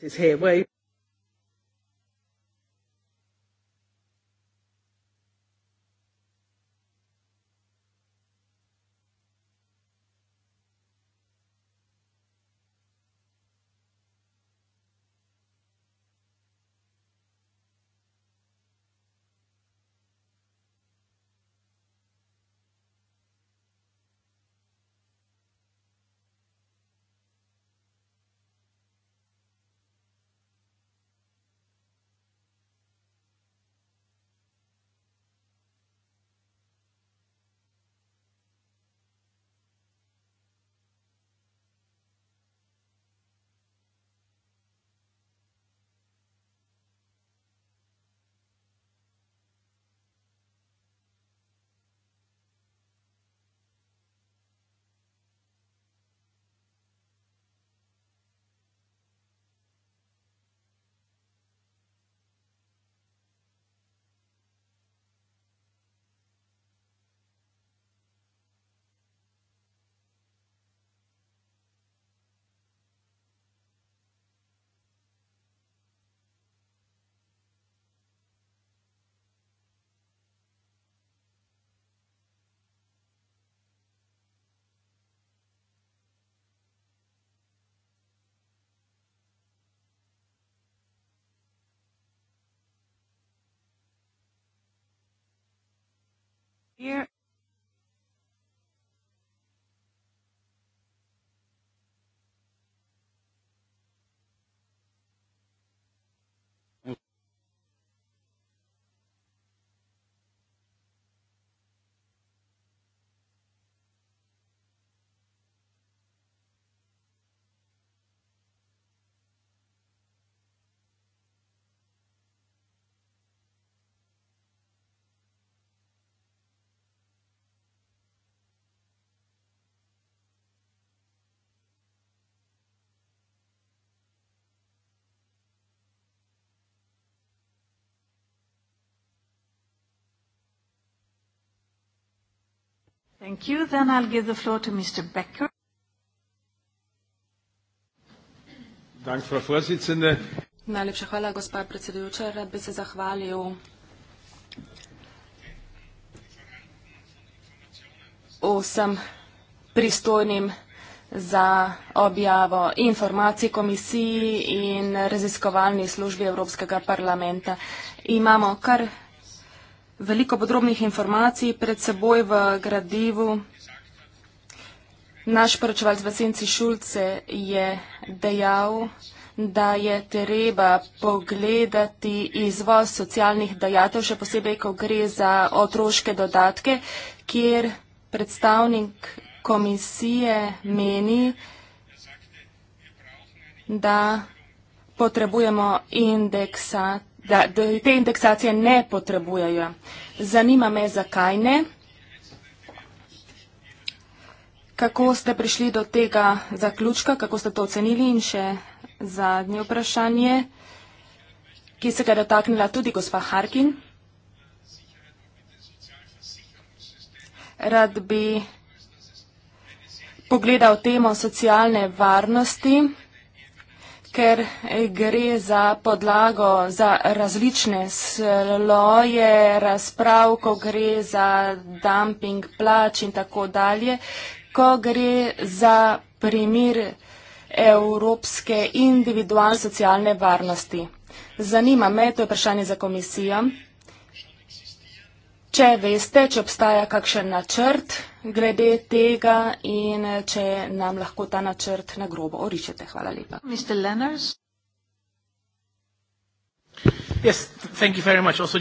his hair. Well, Here Thank you. Then I'll give the floor to Mr. Becker. Dank, Frau Vorsitzende. Najlepša hvala, gospa predsedujoča. Rad bi se zahvalil vsem pristojnim za objavo informacij komisiji in raziskovalni službi Evropskega parlamenta. Imamo kar veliko podrobnih informacij pred seboj v gradivu. Naš poročevalc Vasenci Šulce je dejal, da je treba pogledati izvoz socialnih dajatev, še posebej, ko gre za otroške dodatke, kjer predstavnik komisije meni, da potrebujemo indeksati da te indeksacije ne potrebujejo. Zanima me, zakaj ne? Kako ste prišli do tega zaključka, kako ste to ocenili in še zadnje vprašanje, ki se ga je dotaknila tudi gospa Harkin. Rad bi pogledal temo socialne varnosti ker eh, gre za podlago za različne sloje razprav, ko gre za dumping plač in tako dalje, ko gre za primir evropske individualne socialne varnosti. Zanima me, to je vprašanje za komisijo, če veste, če obstaja kakšen načrt, glede tega in če nam lahko ta načrt na grobo orišete. Hvala lepa. Mr. Lenners. Yes, thank you very much. Also,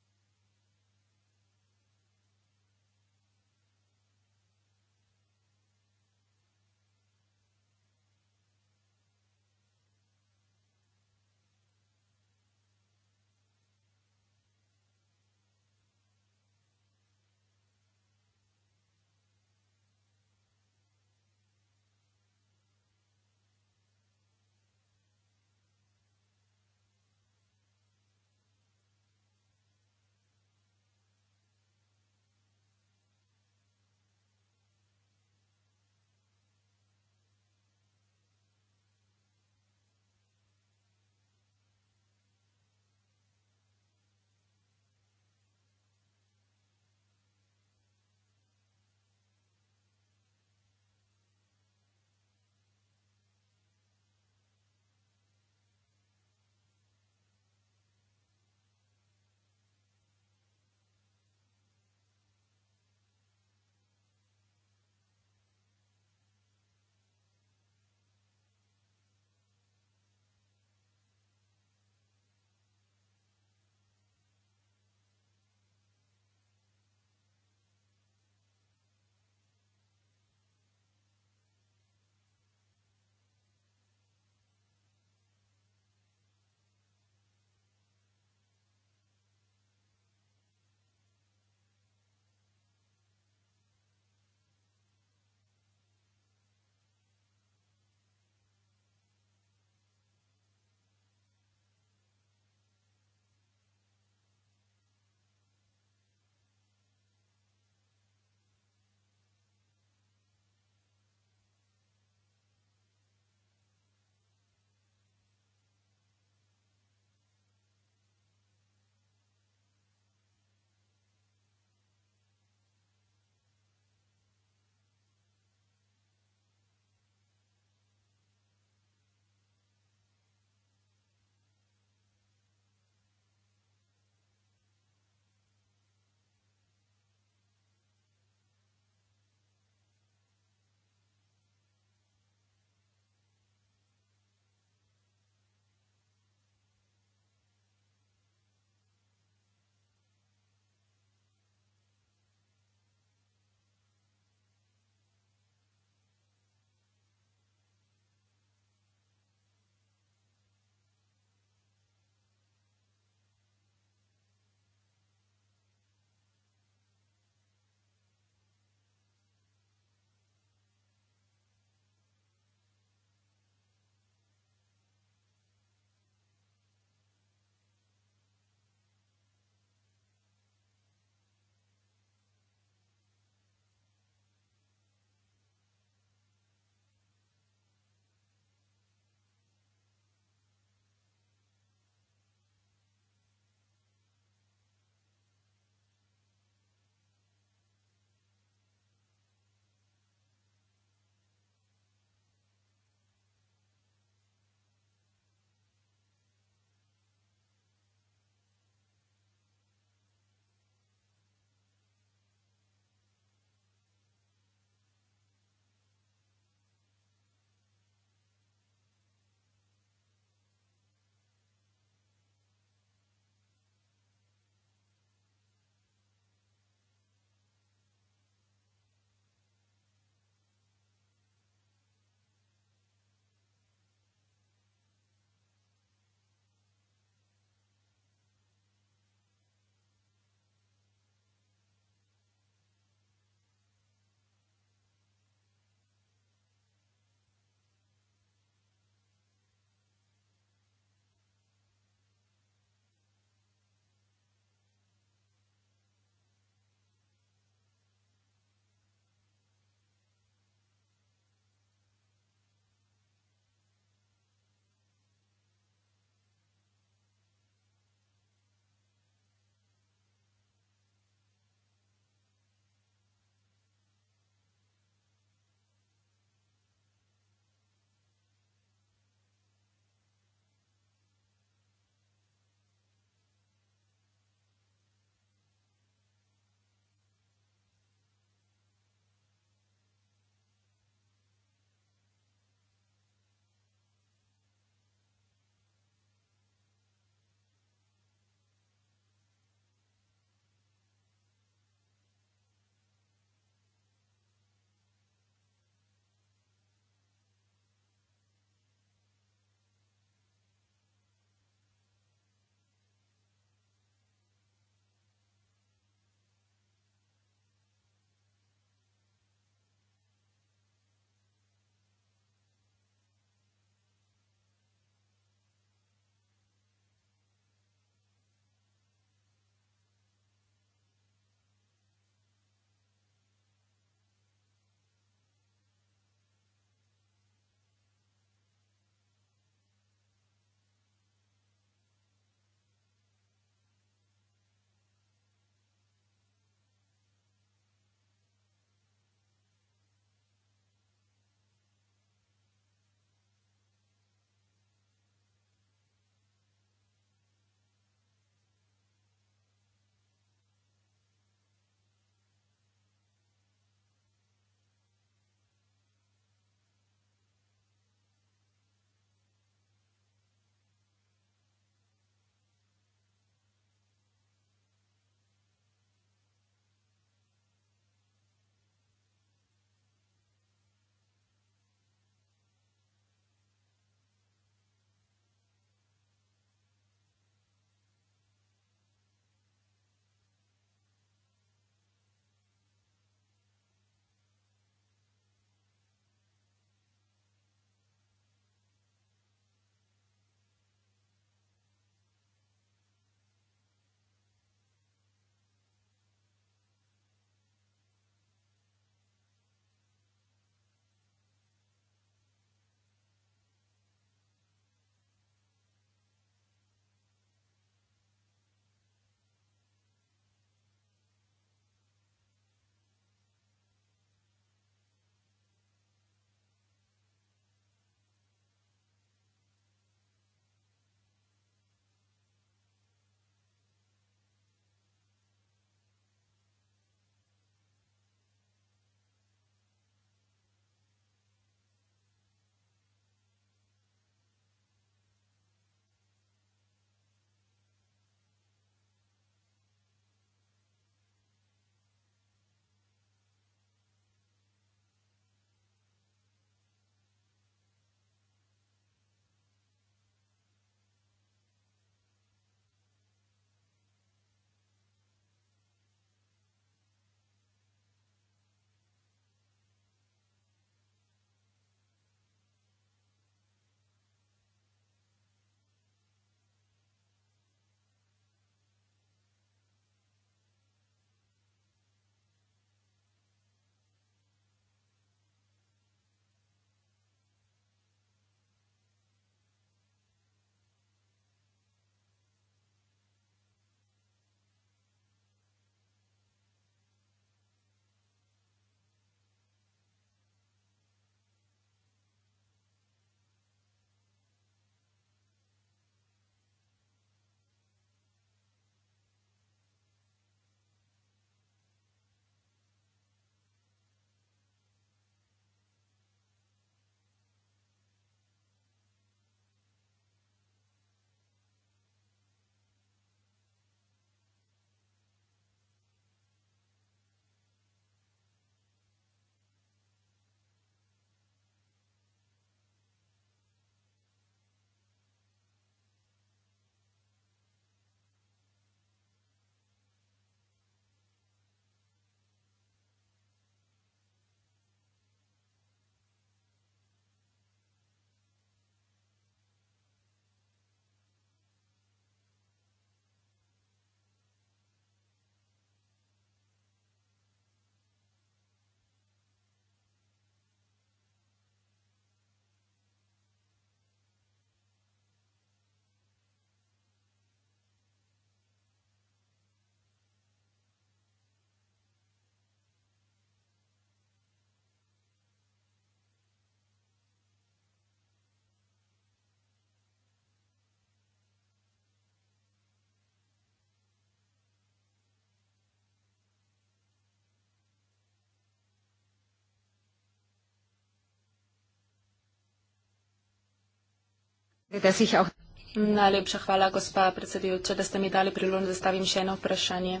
Najlepša hvala, gospa predsedujoča, da ste mi dali priložnost, da stavim še eno vprašanje.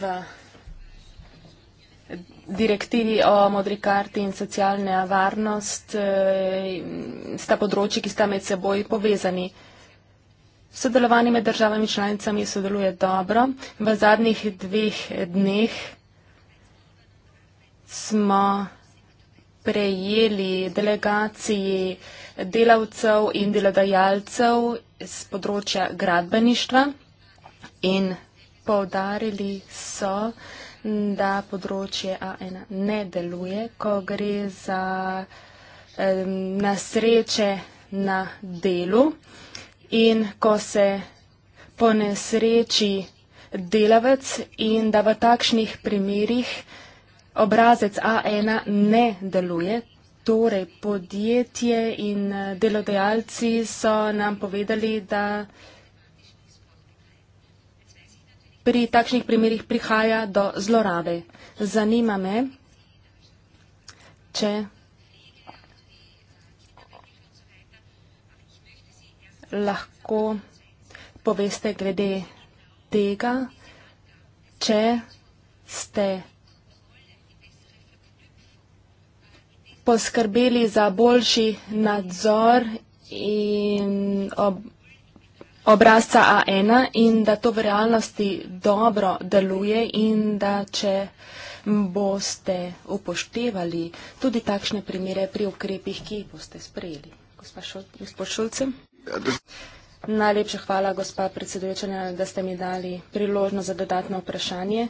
V direktivi o modri karti in socialna varnost eh, sta področji, ki sta med seboj povezani. Sodelovanje med državami članicami sodeluje dobro. V zadnjih dveh dneh smo sprejeli delegaciji delavcev in delodajalcev z področja gradbeništva in povdarili so, da področje A1 ne deluje, ko gre za eh, nasreče na delu in ko se po nesreči delavec in da v takšnih primerjih obrazec A1 ne deluje. Torej, podjetje in eh, delodajalci so nam povedali, da pri takšnih primerih prihaja do zlorabe. Zanima me, če lahko poveste glede tega, če ste poskrbeli za boljši nadzor in ob, obrazca A1 in da to v realnosti dobro deluje in da če boste upoštevali tudi takšne primere pri ukrepih, ki jih boste sprejeli. Gospod Šulce. Najlepša hvala, gospa predsedujoča, da ste mi dali priložnost za dodatno vprašanje.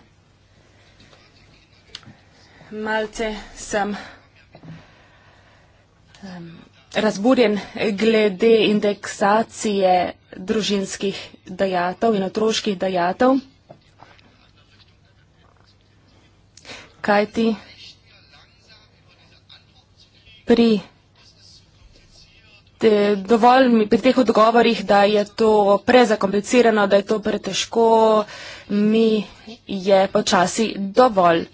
Malce sem razburjen glede indeksacije družinskih dajatov in otroških dajatov. Kaj ti pri, te, dovolj, pri teh odgovorih, da je to prezakomplicirano, da je to pretežko, mi je počasi dovolj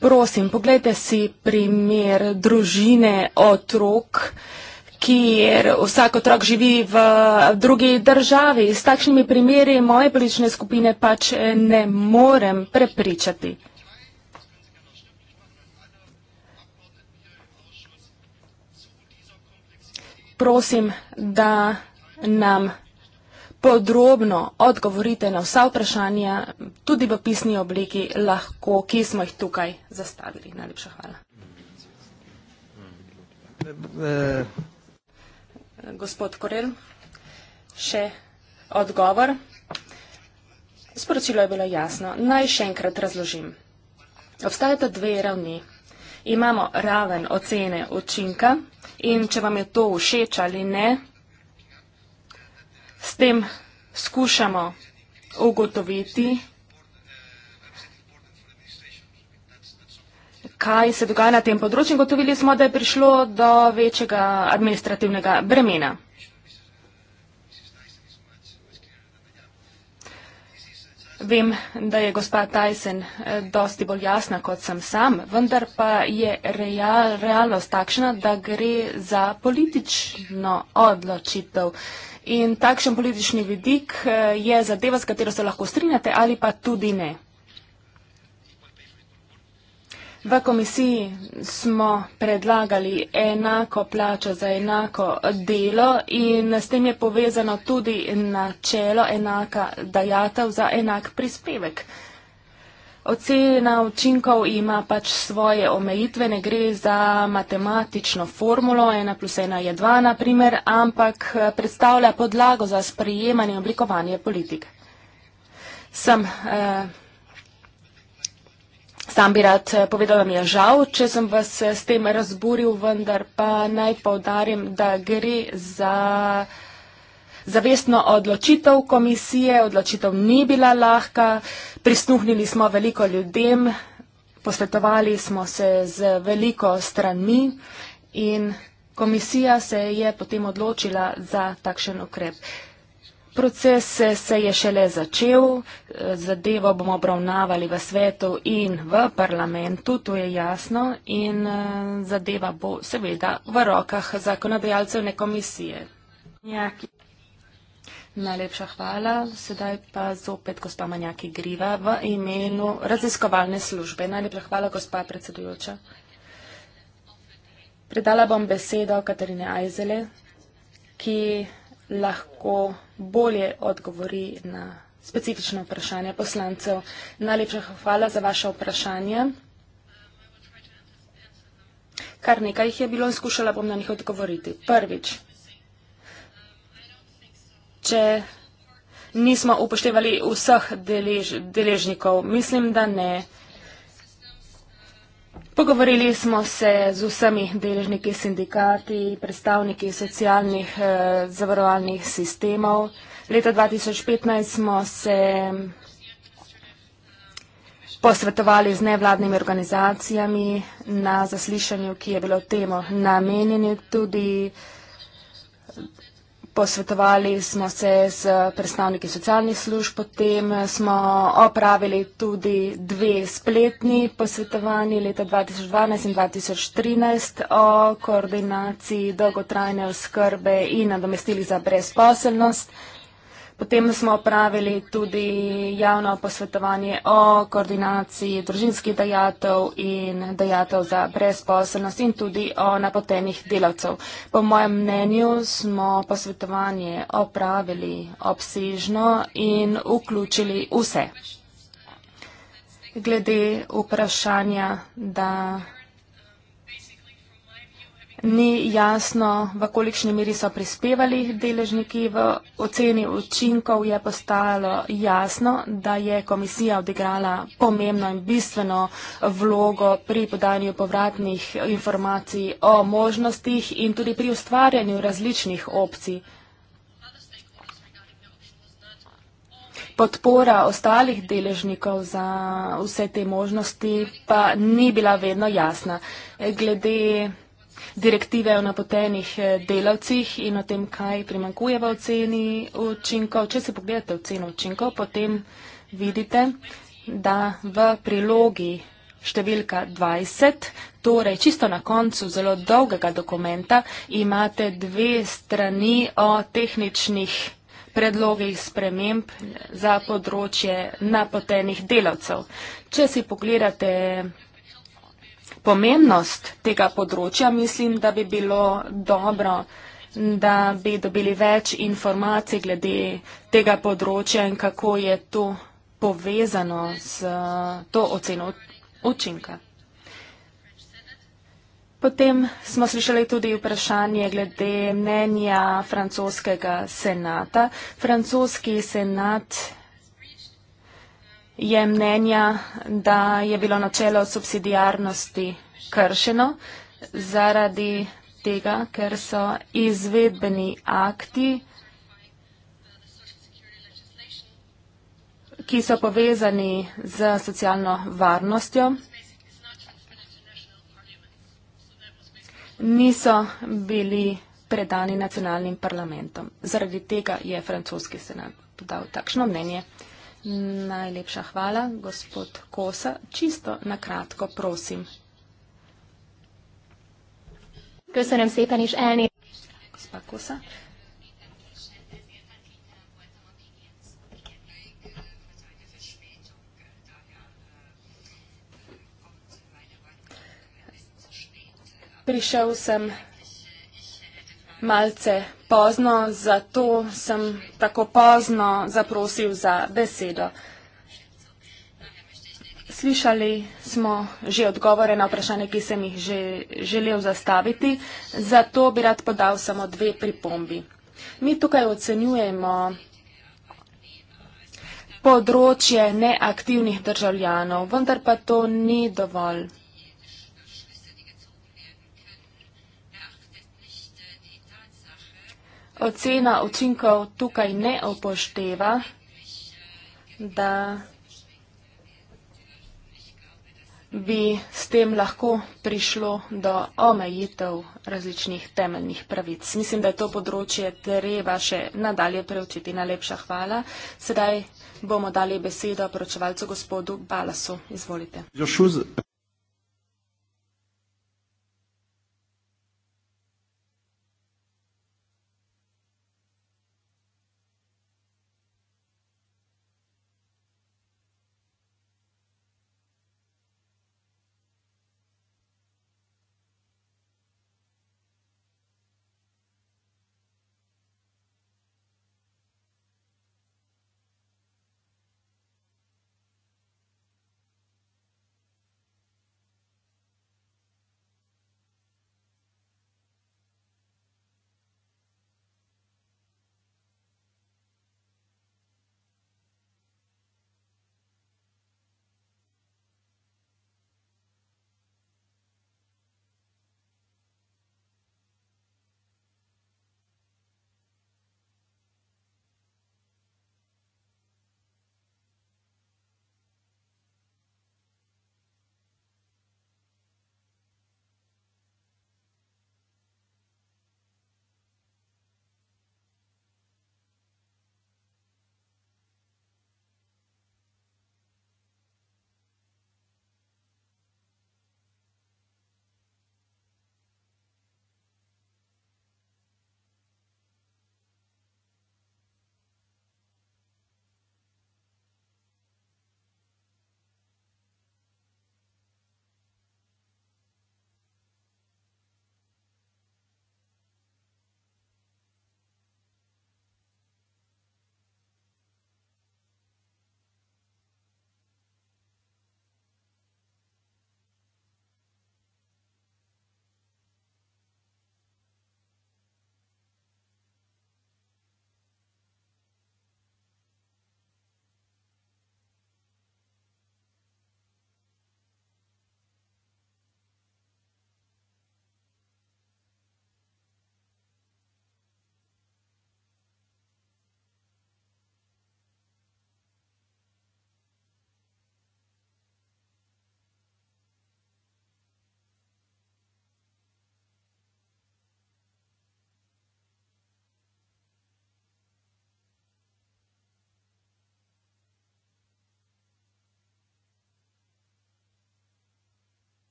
prosim, poglejte si primer družine otrok, kjer vsak otrok živi v drugi državi. S takšnimi primeri moje politične skupine pač ne morem prepričati. Prosim, da nam podrobno odgovorite na vsa vprašanja, tudi v pisni obliki, lahko, ki smo jih tukaj zastavili. Najlepša hvala. Gospod Korel, še odgovor. Sporočilo je bilo jasno. Naj še enkrat razložim. Obstajata dve ravni. Imamo raven ocene učinka in če vam je to všeč ali ne, S tem skušamo ugotoviti, kaj se dogaja na tem področju. Gotovili smo, da je prišlo do večjega administrativnega bremena. Vem, da je gospa Tyson eh, dosti bolj jasna kot sem sam, vendar pa je real, realnost takšna, da gre za politično odločitev. In takšen politični vidik eh, je zadeva, z katero se lahko strinjate ali pa tudi ne. V komisiji smo predlagali enako plačo za enako delo in s tem je povezano tudi načelo enaka dajatev za enak prispevek. Ocena učinkov ima pač svoje omejitve, ne gre za matematično formulo, ena plus ena je dva, naprimer, ampak eh, predstavlja podlago za sprejemanje in oblikovanje politik. Sem, eh, sam bi rad eh, povedal, da mi je žal, če sem vas eh, s tem razburil, vendar pa naj povdarim, da gre za. Eh, zavestno odločitev komisije, odločitev ni bila lahka, prisluhnili smo veliko ljudem, posvetovali smo se z veliko stranmi in komisija se je potem odločila za takšen ukrep. Proces se je šele začel, zadevo bomo obravnavali v svetu in v parlamentu, to je jasno, in zadeva bo seveda v rokah zakonodajalcev ne komisije. Nijaki. Najlepša hvala. Sedaj pa zopet gospa Manjaki Griva v imenu raziskovalne službe. Najlepša hvala, gospa predsedujoča. Predala bom besedo Katarine Ajzele, ki lahko bolje odgovori na specifično vprašanje poslancev. Najlepša hvala za vaše vprašanje. Kar nekaj jih je bilo in skušala bom na njih odgovoriti. Prvič če nismo upoštevali vseh delež, deležnikov. Mislim, da ne. Pogovorili smo se z vsemi deležniki sindikati, predstavniki socialnih eh, zavarovalnih sistemov. Leta 2015 smo se posvetovali z nevladnimi organizacijami na zaslišanju, ki je bilo temo namenjeno tudi eh, posvetovali smo se z predstavniki socialnih služb, potem smo opravili tudi dve spletni posvetovanji leta 2012 in 2013 o koordinaciji dolgotrajne oskrbe in nadomestili za brezposelnost. Potem smo opravili tudi javno posvetovanje o koordinaciji družinskih dejatev in dejatev za brezposobnost in tudi o napotenih delavcev. Po mojem mnenju smo posvetovanje opravili obsežno in vključili vse. Glede vprašanja, da Ni jasno, v kolikšni meri so prispevali deležniki v oceni učinkov, je postalo jasno, da je komisija odigrala pomembno in bistveno vlogo pri podanju povratnih informacij o možnostih in tudi pri ustvarjanju različnih opcij. Podpora ostalih deležnikov za vse te možnosti pa ni bila vedno jasna. Glede direktive o napotenih eh, delavcih in o tem, kaj primankuje v oceni učinkov. Če si pogledate oceno učinkov, potem vidite, da v prilogi številka 20, torej čisto na koncu zelo dolgega dokumenta, imate dve strani o tehničnih predlogih sprememb za področje napotenih delavcev. Če si pogledate pomembnost tega področja, mislim, da bi bilo dobro, da bi dobili več informacij glede tega področja in kako je to povezano z to oceno učinka. Potem smo slišali tudi vprašanje glede mnenja francoskega senata. Francoski senat je mnenja, da je bilo načelo subsidijarnosti kršeno zaradi tega, ker so izvedbeni akti, ki so povezani z socialno varnostjo, niso bili predani nacionalnim parlamentom. Zaradi tega je francoski senat podal takšno mnenje. Najlepša hvala, gospod Kosa. Čisto na kratko, prosim. Köszönöm szépen is elni. Gospa Kosa. Prišel sem malce pozno, zato sem tako pozno zaprosil za besedo. Slišali smo že odgovore na vprašanje, ki sem jih že želel zastaviti, zato bi rad podal samo dve pripombi. Mi tukaj ocenjujemo področje neaktivnih državljanov, vendar pa to ni dovolj. ocena učinkov tukaj ne upošteva, da bi s tem lahko prišlo do omejitev različnih temeljnih pravic. Mislim, da je to področje treba še nadalje preučiti. Najlepša hvala. Sedaj bomo dali besedo poročevalcu gospodu Balasu. Izvolite.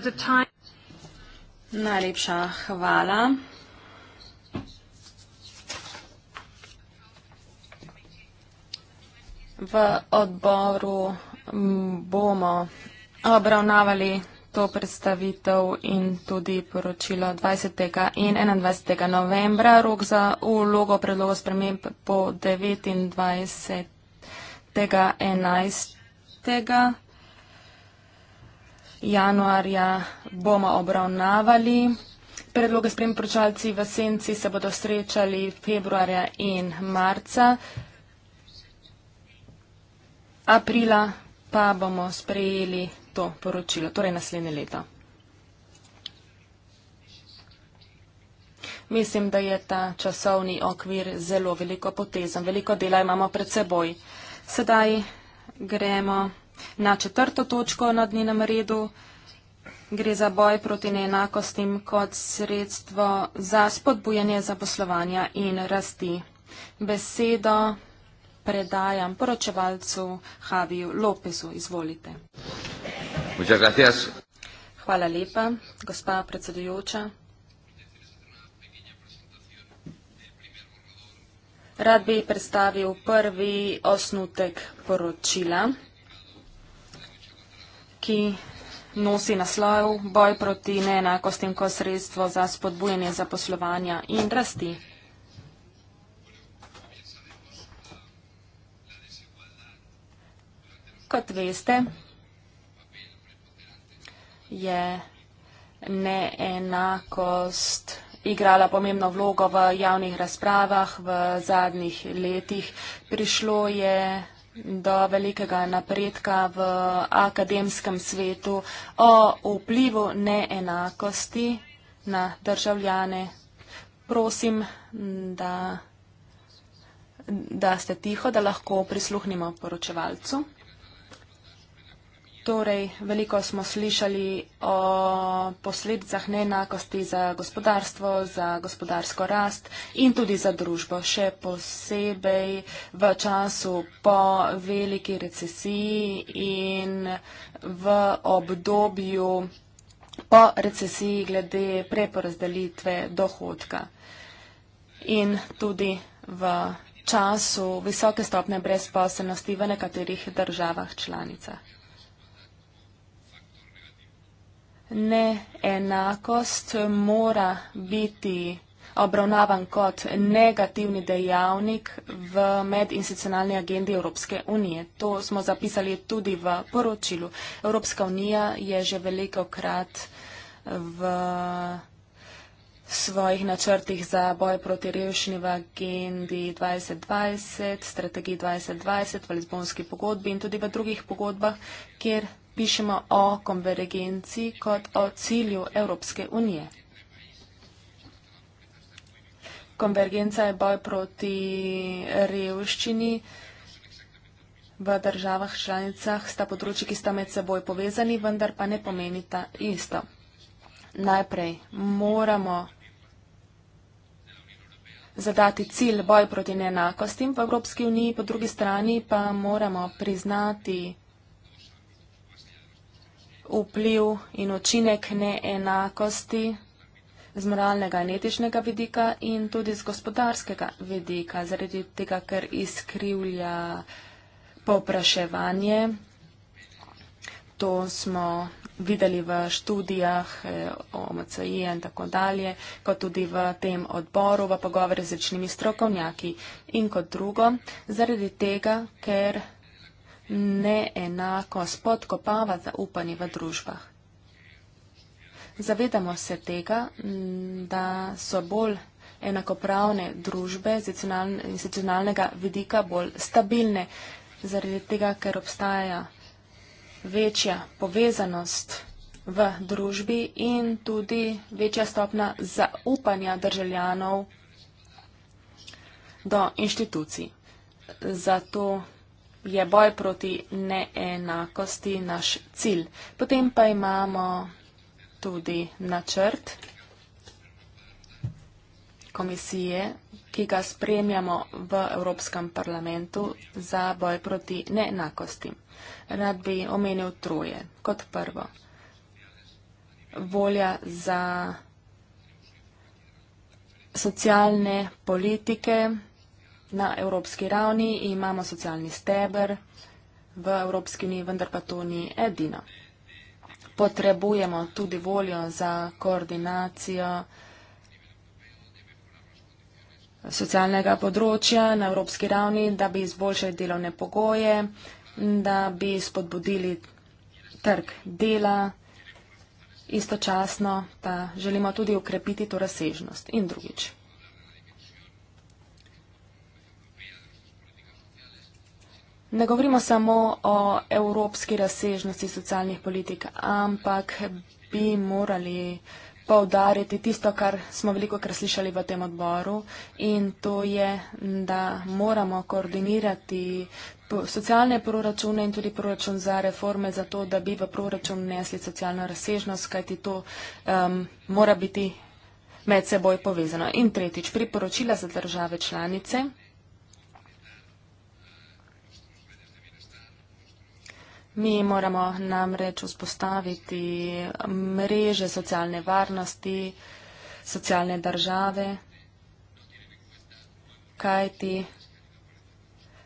the time. Najlepša hvala. V odboru bomo obravnavali to predstavitev in tudi poročilo 20. in 21. novembra. Rok za ulogo predlogo sprememb po 29. 11 januarja bomo obravnavali. Predloge s prempročalci v Senci se bodo srečali februarja in marca. Aprila pa bomo sprejeli to poročilo, torej naslednje leto. Mislim, da je ta časovni okvir zelo veliko potezen. Veliko dela imamo pred seboj. Sedaj gremo. Na četrto točko na dnevnem redu gre za boj proti neenakostim kot sredstvo za spodbujanje zaposlovanja in rasti. Besedo predajam poročevalcu Haviju Lopezu. Izvolite. Hvala lepa, gospa predsedujoča. Rad bi predstavil prvi osnutek poročila ki nosi naslov Boj proti neenakostim kot sredstvo za spodbujanje zaposlovanja in rasti. Kot veste, je neenakost igrala pomembno vlogo v javnih razpravah v zadnjih letih. Prišlo je do velikega napredka v akademskem svetu o vplivu neenakosti na državljane. Prosim, da, da ste tiho, da lahko prisluhnimo poročevalcu. Torej, veliko smo slišali o posledicah neenakosti za gospodarstvo, za gospodarsko rast in tudi za družbo. Še posebej v času po veliki recesiji in v obdobju po recesiji glede preporazdelitve dohodka. In tudi v času visoke stopne brezposelnosti v nekaterih državah članicah. neenakost mora biti obravnavan kot negativni dejavnik v medinstitucionalni agendi Evropske unije. To smo zapisali tudi v poročilu. Evropska unija je že veliko krat v svojih načrtih za boj proti revščini v agendi 2020, strategiji 2020, v Lizbonski pogodbi in tudi v drugih pogodbah, kjer pišemo o konvergenci kot o cilju Evropske unije. Konvergenca je boj proti revščini. V državah članicah sta področji, ki sta med seboj povezani, vendar pa ne pomenita isto. Najprej moramo zadati cilj boj proti neenakostim v Evropski uniji, po drugi strani pa moramo priznati vpliv in učinek neenakosti z moralnega in etičnega vidika in tudi z gospodarskega vidika, zaradi tega, ker izkrivlja popraševanje. To smo videli v študijah eh, OMCI in tako dalje, kot tudi v tem odboru, v pogovoru z različnimi strokovnjaki. In kot drugo, zaradi tega, ker neenako spodkopava zaupanje v družbah. Zavedamo se tega, da so bolj enakopravne družbe z institucionalnega vidika bolj stabilne, zaradi tega, ker obstaja večja povezanost v družbi in tudi večja stopna zaupanja državljanov do inštitucij. Zato je boj proti neenakosti naš cilj. Potem pa imamo tudi načrt komisije, ki ga spremljamo v Evropskem parlamentu za boj proti neenakosti. Rad bi omenil troje. Kot prvo, volja za socialne politike, na evropski ravni imamo socialni steber v Evropski uniji, vendar pa to ni edino. Potrebujemo tudi voljo za koordinacijo socialnega področja na evropski ravni, da bi izboljšali delovne pogoje, da bi spodbudili trg dela. Istočasno pa želimo tudi ukrepiti to razsežnost. In drugič. Ne govorimo samo o evropski razsežnosti socialnih politik, ampak bi morali povdariti tisto, kar smo veliko kar slišali v tem odboru in to je, da moramo koordinirati socialne proračune in tudi proračun za reforme za to, da bi v proračun nesli socialno razsežnost, kajti to um, mora biti med seboj povezano. In tretjič, priporočila za države članice. Mi moramo namreč vzpostaviti mreže socialne varnosti, socialne države, kajti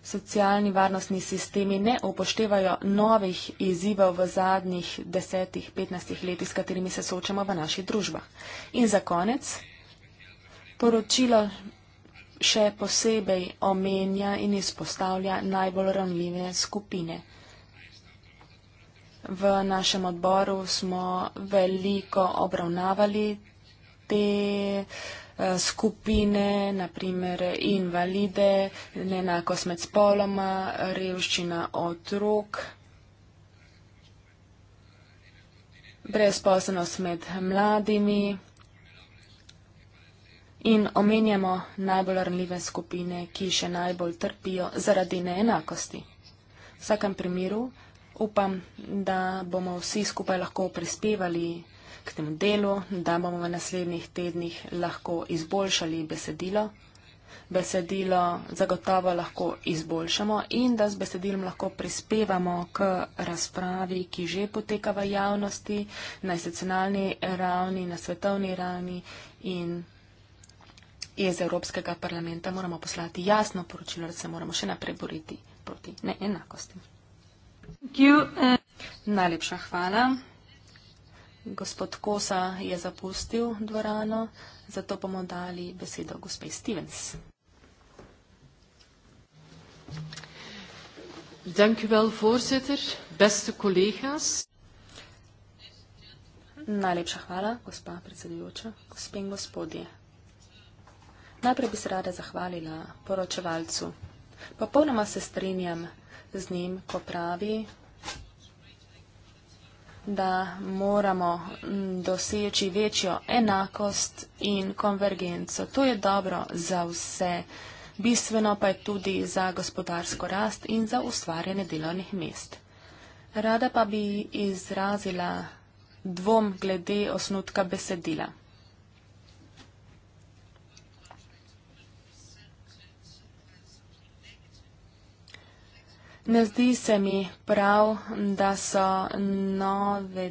socialni varnostni sistemi ne upoštevajo novih izzivov v zadnjih desetih, petnajstih letih, s katerimi se soočamo v naši družba. In za konec, poročilo še posebej omenja in izpostavlja najbolj ranljive skupine. V našem odboru smo veliko obravnavali te eh, skupine, naprimer invalide, neenakost med spoloma, revščina otrok, brezposobnost med mladimi in omenjamo najbolj rnljive skupine, ki še najbolj trpijo zaradi neenakosti. V vsakem primeru upam, da bomo vsi skupaj lahko prispevali k temu delu, da bomo v naslednjih tednih lahko izboljšali besedilo. Besedilo zagotovo lahko izboljšamo in da z besedilom lahko prispevamo k razpravi, ki že poteka v javnosti na institucionalni ravni, na svetovni ravni in iz Evropskega parlamenta moramo poslati jasno poročilo, da se moramo še naprej boriti proti neenakosti. Eh. Najlepša hvala. Gospod Kosa je zapustil dvorano, zato bomo dali besedo gospe Stevens. Dank u wel, voorzitter. Beste collega's. Najlepša hvala, gospa predsedujoča, gospe in gospodje. Najprej bi se rada zahvalila poročevalcu. Popolnoma se strinjam z njim, ko pravi, da moramo mm, doseči večjo enakost in konvergenco. To je dobro za vse, bistveno pa je tudi za gospodarsko rast in za ustvarjanje delovnih mest. Rada pa bi izrazila dvom glede osnutka besedila. Ne zdi se mi prav, da so nove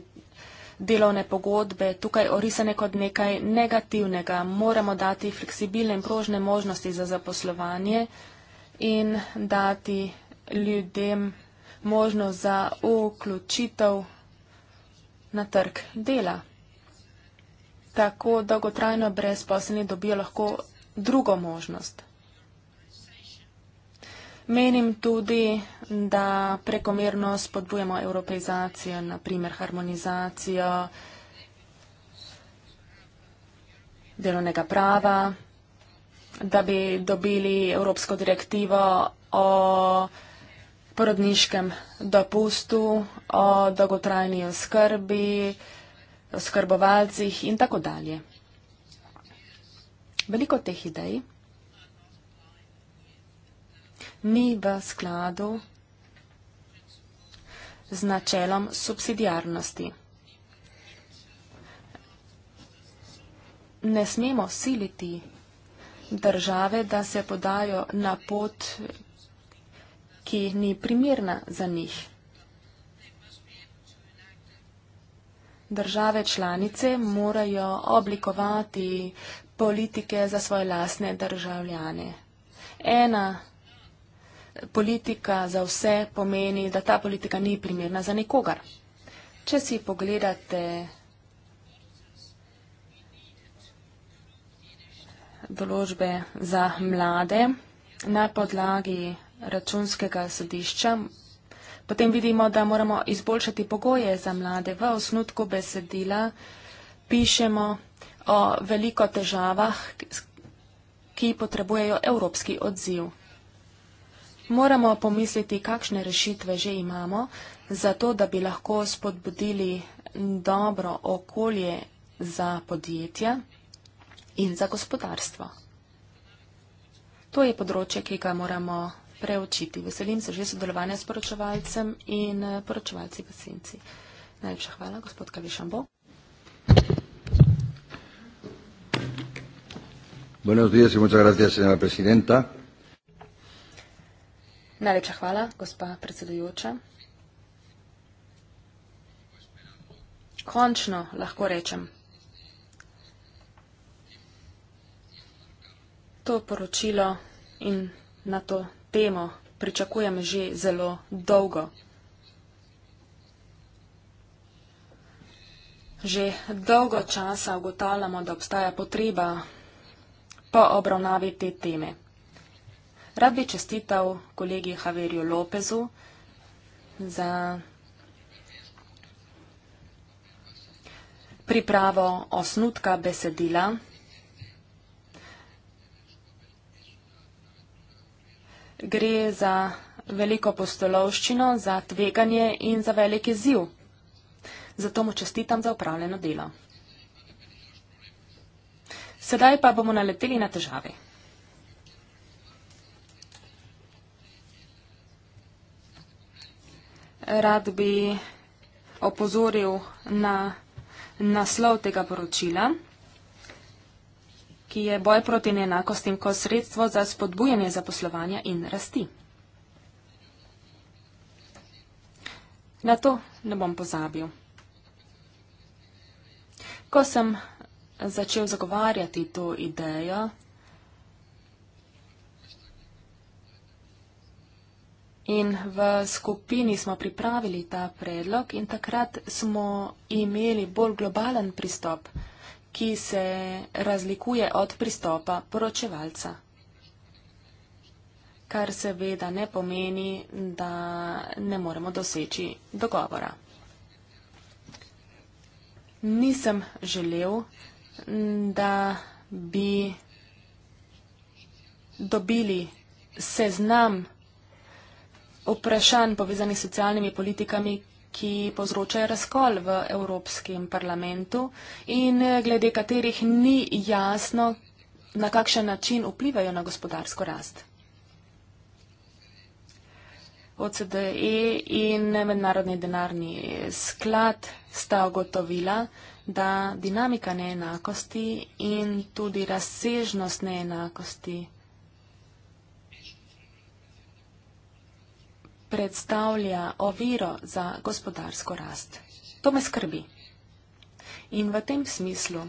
delovne pogodbe tukaj orisane kot nekaj negativnega. Moramo dati fleksibilne in prožne možnosti za zaposlovanje in dati ljudem možnost za vključitev na trg dela. Tako dolgotrajno brezposelni dobijo lahko drugo možnost. Menim tudi, da prekomerno spodbujemo evropeizacijo, naprimer harmonizacijo delovnega prava, da bi dobili evropsko direktivo o porodniškem dopustu, o dolgotrajni oskrbi, oskrbovalcih in tako dalje. Veliko teh idej ni v skladu z načelom subsidijarnosti. Ne smemo siliti države, da se podajo na pot, ki ni primirna za njih. Države članice morajo oblikovati politike za svoje lasne državljane. Ena politika za vse pomeni, da ta politika ni primerna za nikogar. Če si pogledate določbe za mlade na podlagi računskega sodišča, potem vidimo, da moramo izboljšati pogoje za mlade. V osnutku besedila pišemo o veliko težavah, ki potrebujejo evropski odziv. Moramo pomisliti, kakšne rešitve že imamo, zato da bi lahko spodbudili dobro okolje za podjetja in za gospodarstvo. To je področje, ki ga moramo preučiti. Veselim se že sodelovanja s poročevalcem in eh, poročevalci v Senci. Najlepša hvala, gospod Kavišambo. Buenos días y muchas gracias, señora presidenta. Najlepša hvala, gospa predsedujoča. Končno lahko rečem, to poročilo in na to temo pričakujem že zelo dolgo. Že dolgo časa ugotavljamo, da obstaja potreba po obravnavi te teme. Rad bi čestital kolegi Haverju Lopezu za pripravo osnutka besedila. Gre za veliko postolovščino, za tveganje in za velike ziv. Zato mu čestitam za upravljeno delo. Sedaj pa bomo naleteli na težave. rad bi opozoril na naslov tega poročila, ki je boj proti neenakostim kot sredstvo za spodbujanje zaposlovanja in rasti. Na to ne bom pozabil. Ko sem začel zagovarjati to idejo, In v skupini smo pripravili ta predlog in takrat smo imeli bolj globalen pristop, ki se razlikuje od pristopa poročevalca. Kar seveda ne pomeni, da ne moremo doseči dogovora. Nisem želel, da bi dobili seznam vprašanj povezanih s socialnimi politikami, ki povzročajo razkol v Evropskem parlamentu in eh, glede katerih ni jasno, na kakšen način vplivajo na gospodarsko rast. OCDE in Mednarodni denarni sklad sta ugotovila, da dinamika neenakosti in tudi razsežnost neenakosti predstavlja oviro za gospodarsko rast. To me skrbi. In v tem smislu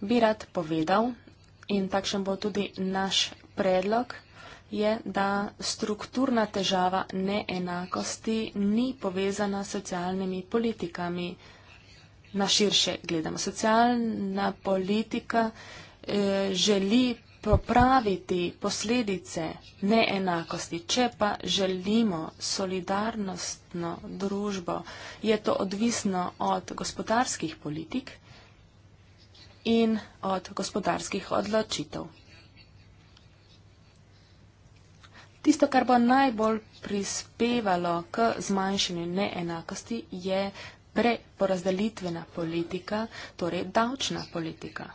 bi rad povedal, in takšen bo tudi naš predlog, je, da strukturna težava neenakosti ni povezana s socialnimi politikami na širše gledamo. Socialna politika eh, želi popraviti posledice neenakosti. Če pa želimo solidarnostno družbo, je to odvisno od gospodarskih politik in od gospodarskih odločitev. Tisto, kar bo najbolj prispevalo k zmanjšanju neenakosti, je preporazdelitvena politika, torej davčna politika.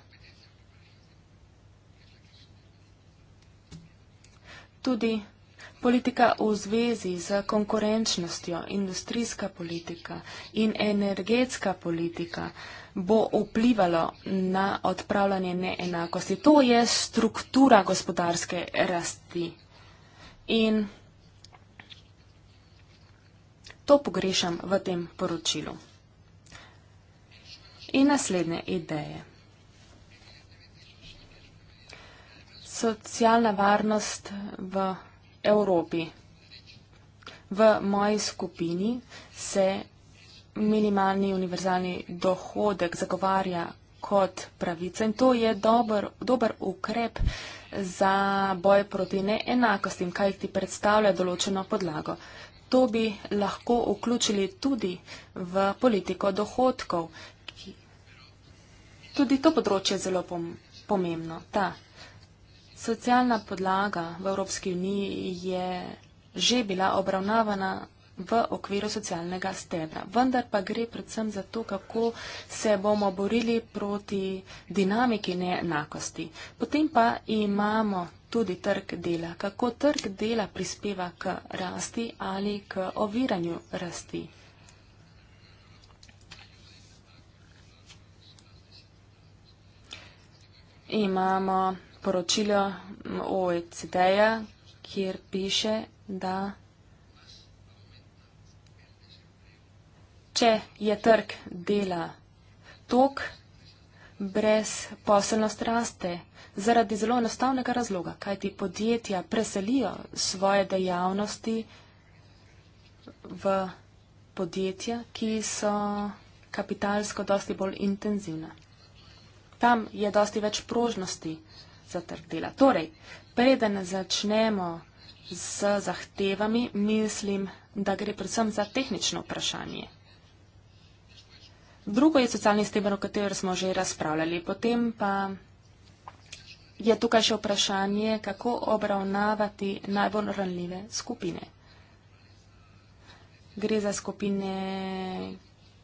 Tudi politika v zvezi z konkurenčnostjo, industrijska politika in energetska politika bo vplivalo na odpravljanje neenakosti. To je struktura gospodarske rasti. In To pogrešam v tem poročilu. In naslednje ideje. Socialna varnost v Evropi. V moji skupini se minimalni univerzalni dohodek zagovarja kot pravica in to je dober, dober ukrep za boj proti neenakostim, kaj ti predstavlja določeno podlago. To bi lahko vključili tudi v politiko dohodkov. Tudi to področje je zelo pomembno. Ta socialna podlaga v Evropski uniji je že bila obravnavana v okviru socialnega stebra. Vendar pa gre predvsem za to, kako se bomo borili proti dinamiki neenakosti. Potem pa imamo tudi trg dela, kako trg dela prispeva k rasti ali k oviranju rasti. Imamo poročilo OECD-ja, kjer piše, da če je trg dela tok, brez poselnost raste, zaradi zelo enostavnega razloga, kaj ti podjetja preselijo svoje dejavnosti v podjetja, ki so kapitalsko dosti bolj intenzivna. Tam je dosti več prožnosti za trg dela. Torej, preden začnemo z zahtevami, mislim, da gre predvsem za tehnično vprašanje. Drugo je socialni steber, o katerem smo že razpravljali. Potem pa je tukaj še vprašanje, kako obravnavati najbolj ranljive skupine. Gre za skupine,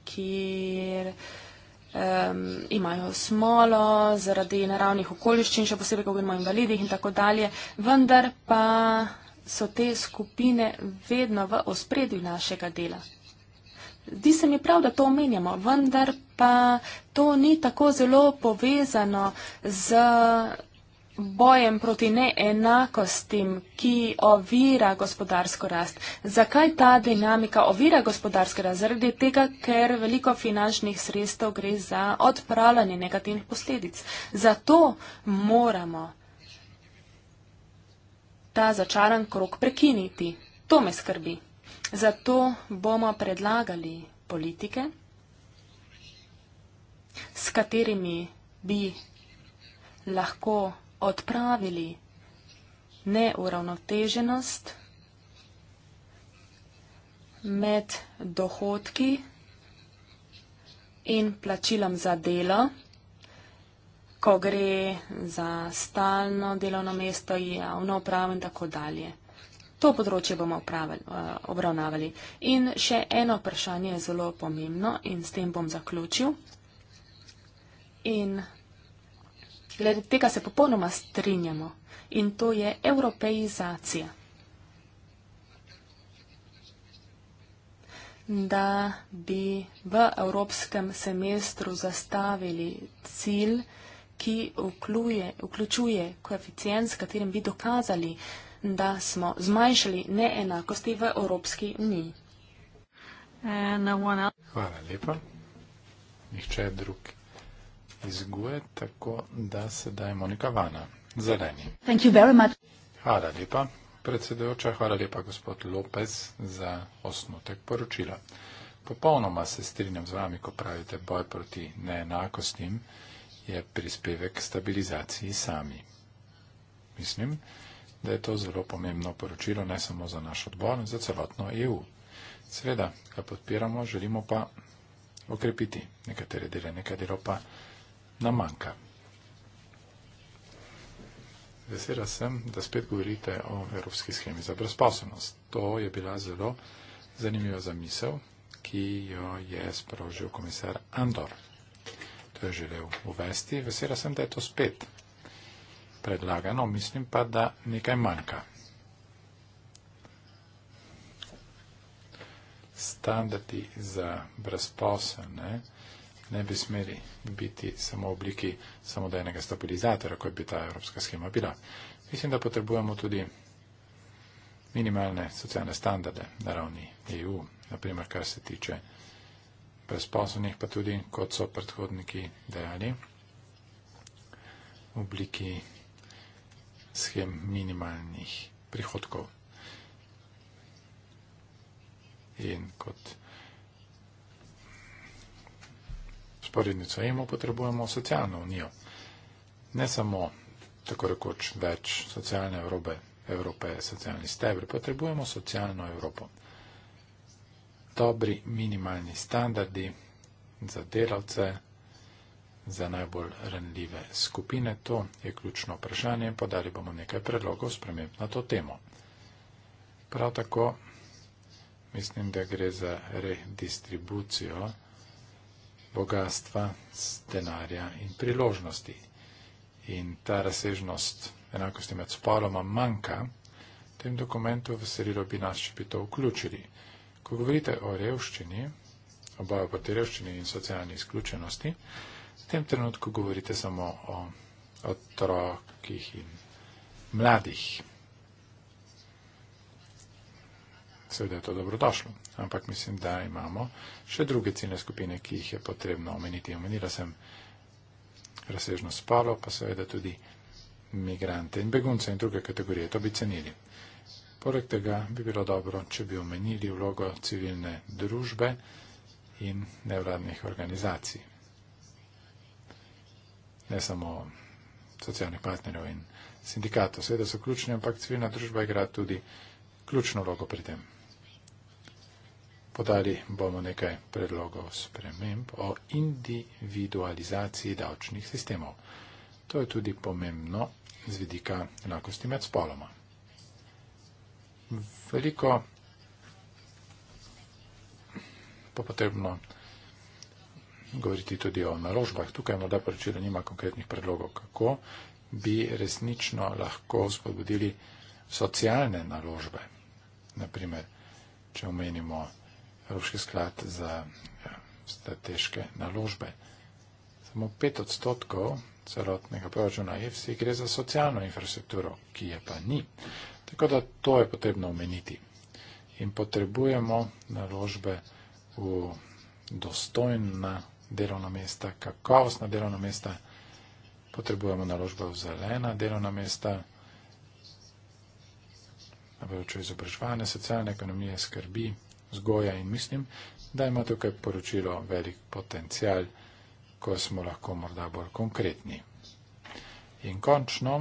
kjer um, imajo smolo zaradi naravnih okoliščin, še posebej, ko govorimo o invalidih in tako dalje. Vendar pa so te skupine vedno v ospredju našega dela. Zdi se mi prav, da to omenjamo, vendar pa to ni tako zelo povezano z bojem proti neenakostim, ki ovira gospodarsko rast. Zakaj ta dinamika ovira gospodarsko rast? Zaradi tega, ker veliko finančnih sredstev gre za odpravljanje negativnih posledic. Zato moramo ta začaran krok prekiniti. To me skrbi. Zato bomo predlagali politike, s katerimi bi lahko odpravili neuravnoteženost med dohodki in plačilom za delo, ko gre za stalno delovno mesto, javno upravo in tako dalje to področje bomo upravili, eh, obravnavali. In še eno vprašanje je zelo pomembno in s tem bom zaključil. In glede tega se popolnoma strinjamo in to je evropeizacija. da bi v evropskem semestru zastavili cilj, ki vključuje koeficient, s katerim bi dokazali, uh, da smo zmanjšali neenakosti v Evropski uniji. No Hvala lepa. Nihče drug izguje, tako da se dajmo neka vana. Zeleni. Hvala lepa, predsedujoča. Hvala lepa, gospod Lopez, za osnutek poročila. Popolnoma se strinjam z vami, ko pravite boj proti neenakostim je prispevek k stabilizaciji sami. Mislim, da je to zelo pomembno poročilo ne samo za naš odbor, za celotno EU. Sveda, kaj podpiramo, želimo pa okrepiti nekatere dele, nekaj delo pa nam manjka. Vesela sem, da spet govorite o Evropski schemi za brezposobnost. To je bila zelo zanimiva zamisel, ki jo je sprožil komisar Andor. To je želel uvesti. Vesela sem, da je to spet predlagano, mislim pa, da nekaj manjka. Standardi za brezposelne ne bi smeli biti samo v obliki samodejnega stabilizatora, kot bi ta evropska schema bila. Mislim, da potrebujemo tudi minimalne socialne standarde na ravni EU, naprimer kar se tiče brezposobnih, pa tudi, kot so predhodniki dejali, v obliki schem minimalnih prihodkov. In kot sporednico imamo, potrebujemo socialno unijo. Ne samo tako rekoč več socialne Evrope, Evrope je socialni stebr, potrebujemo socialno Evropo. Dobri minimalni standardi za delavce, za najbolj randljive skupine. To je ključno vprašanje in podali bomo nekaj predlogov sprememb na to temo. Prav tako mislim, da gre za redistribucijo bogatstva, denarja in priložnosti. In ta razsežnost enakosti med spoloma manjka, v tem dokumentu veselilo bi nas, če bi to vključili. Ko govorite o revščini, obojo proti revščini in socialni izključenosti, v tem trenutku govorite samo o otrokih in mladih. Seveda je to dobrodošlo, ampak mislim, da imamo še druge ciljne skupine, ki jih je potrebno omeniti. Omenila sem razsežno spalo, pa seveda tudi migrante in begunce in druge kategorije. To bi cenili. Poleg tega bi bilo dobro, če bi omenili vlogo civilne družbe in nevladnih organizacij ne samo socialnih partnerjev in sindikatov. Seveda so ključni, ampak civilna družba igra tudi ključno vlogo pri tem. Podali bomo nekaj predlogov sprememb o individualizaciji davčnih sistemov. To je tudi pomembno z vidika enakosti med spoloma. Veliko bo potrebno govoriti tudi o naložbah. Tukaj morda poročilo nima konkretnih predlogov, kako bi resnično lahko spodbudili socialne naložbe. Naprimer, če omenimo Evropski sklad za ja, strateške naložbe. Samo pet odstotkov celotnega proračuna EFSI gre za socialno infrastrukturo, ki je pa ni. Tako da to je potrebno omeniti. In potrebujemo naložbe v dostojna delovna mesta, kakovostna delovna mesta, potrebujemo naložbe v zelena delovna mesta, na področju izobraževanja, socialne ekonomije, skrbi, zgoja in mislim, da ima tukaj poročilo velik potencial, ko smo lahko morda bolj konkretni. In končno,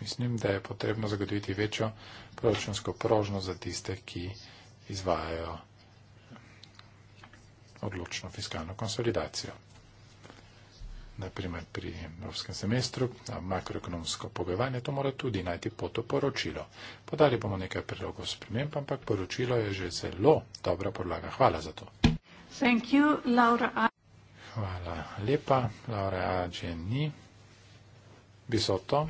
mislim, da je potrebno zagotoviti večjo proračunsko prožnost za tiste, ki izvajajo odločno fiskalno konsolidacijo. Naprimer pri evropskem semestru makroekonomsko pogajanje to mora tudi najti poto poročilo. Podali bomo nekaj predlogov sprememb, ampak poročilo je že zelo dobra podlaga. Hvala za to. You, Hvala lepa. Laura Adjeni. Bisotto.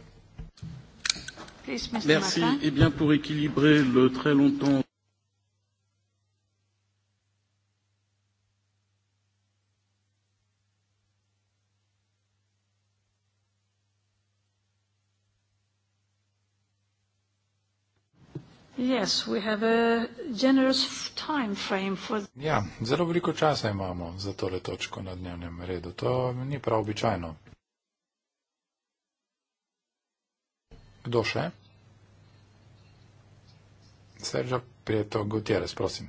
Merci. Eh bien, pour équilibrer le très longtemps. Yes, we have a generous time frame for. Ja, zelo veliko časa imamo za tole točko na dnevnem redu. To ni prav običajno. Kdo še? Sergio Prieto Gutierrez, prosim.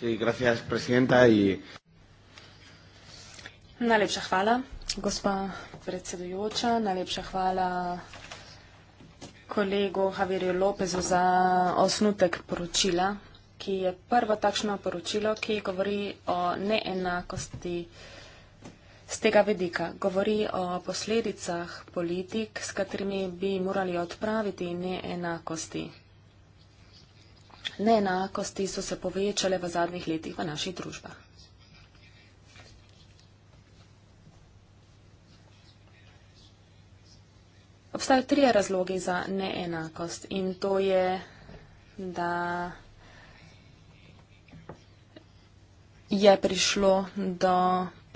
Sí, gracias, presidenta. Y... Najlepša hvala, gospa predsedujoča. Najlepša hvala kolegu Javirju Lopezu za osnutek poročila, ki je prvo takšno poročilo, ki govori o neenakosti z tega vedika. Govori o posledicah politik, s katerimi bi morali odpraviti neenakosti. Neenakosti so se povečale v zadnjih letih v naših družbah. obstajajo tri razloge za neenakost in to je, da je prišlo do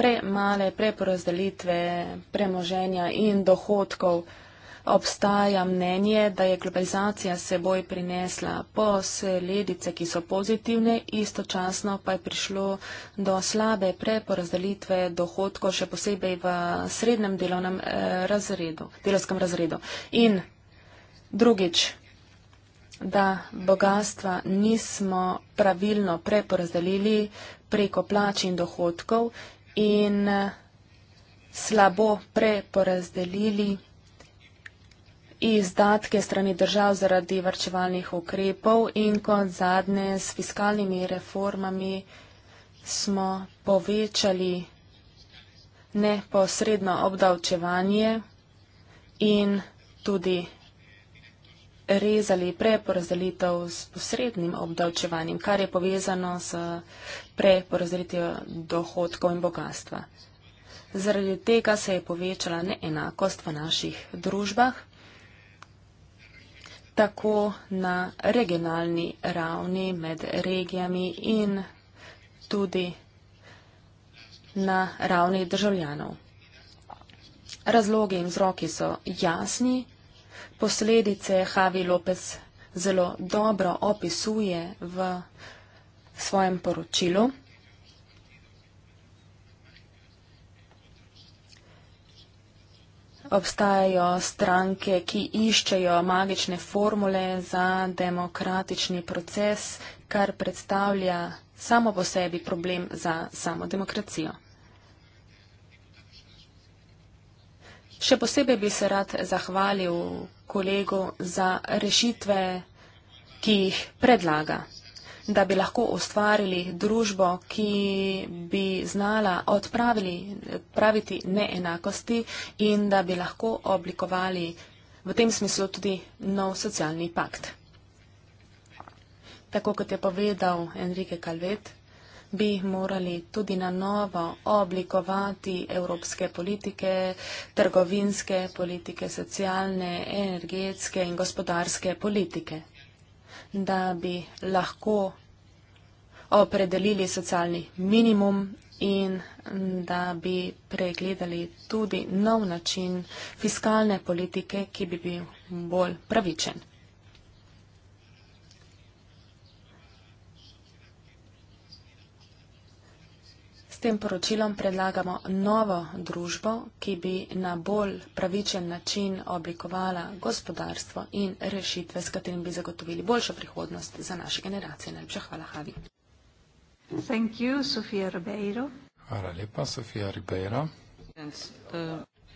premale preporazdelitve premoženja in dohodkov obstaja mnenje, da je globalizacija seboj prinesla posledice, ki so pozitivne, istočasno pa je prišlo do slabe preporazdelitve dohodkov, še posebej v srednjem delovnem eh, razredu, delovskem razredu. In drugič, da bogatstva nismo pravilno preporazdelili preko plač in dohodkov in eh, slabo preporazdelili izdatke strani držav zaradi varčevalnih ukrepov in kot zadnje s fiskalnimi reformami smo povečali neposredno obdavčevanje in tudi rezali preporazdelitev s posrednim obdavčevanjem, kar je povezano s preporazdelitev dohodkov in bogatstva. Zaradi tega se je povečala neenakost v naših družbah tako na regionalni ravni med regijami in tudi na ravni državljanov. Razlogi in vzroki so jasni, posledice Havi Lopez zelo dobro opisuje v svojem poročilu. obstajajo stranke, ki iščejo magične formule za demokratični proces, kar predstavlja samo po sebi problem za samo demokracijo. Še posebej bi se rad zahvalil kolegu za rešitve, ki jih predlaga da bi lahko ustvarili družbo, ki bi znala odpraviti neenakosti in da bi lahko oblikovali v tem smislu tudi nov socialni pakt. Tako kot je povedal Enrique Calvet, bi morali tudi na novo oblikovati evropske politike, trgovinske politike, socialne, energetske in gospodarske politike, da bi lahko opredelili socialni minimum in da bi pregledali tudi nov način fiskalne politike, ki bi bil bolj pravičen. S tem poročilom predlagamo novo družbo, ki bi na bolj pravičen način oblikovala gospodarstvo in rešitve, s katerim bi zagotovili boljšo prihodnost za naše generacije. Najlepša hvala, Havi. Thank you, Sofia Ribeiro. Hvala lepa, Sofia Ribeiro.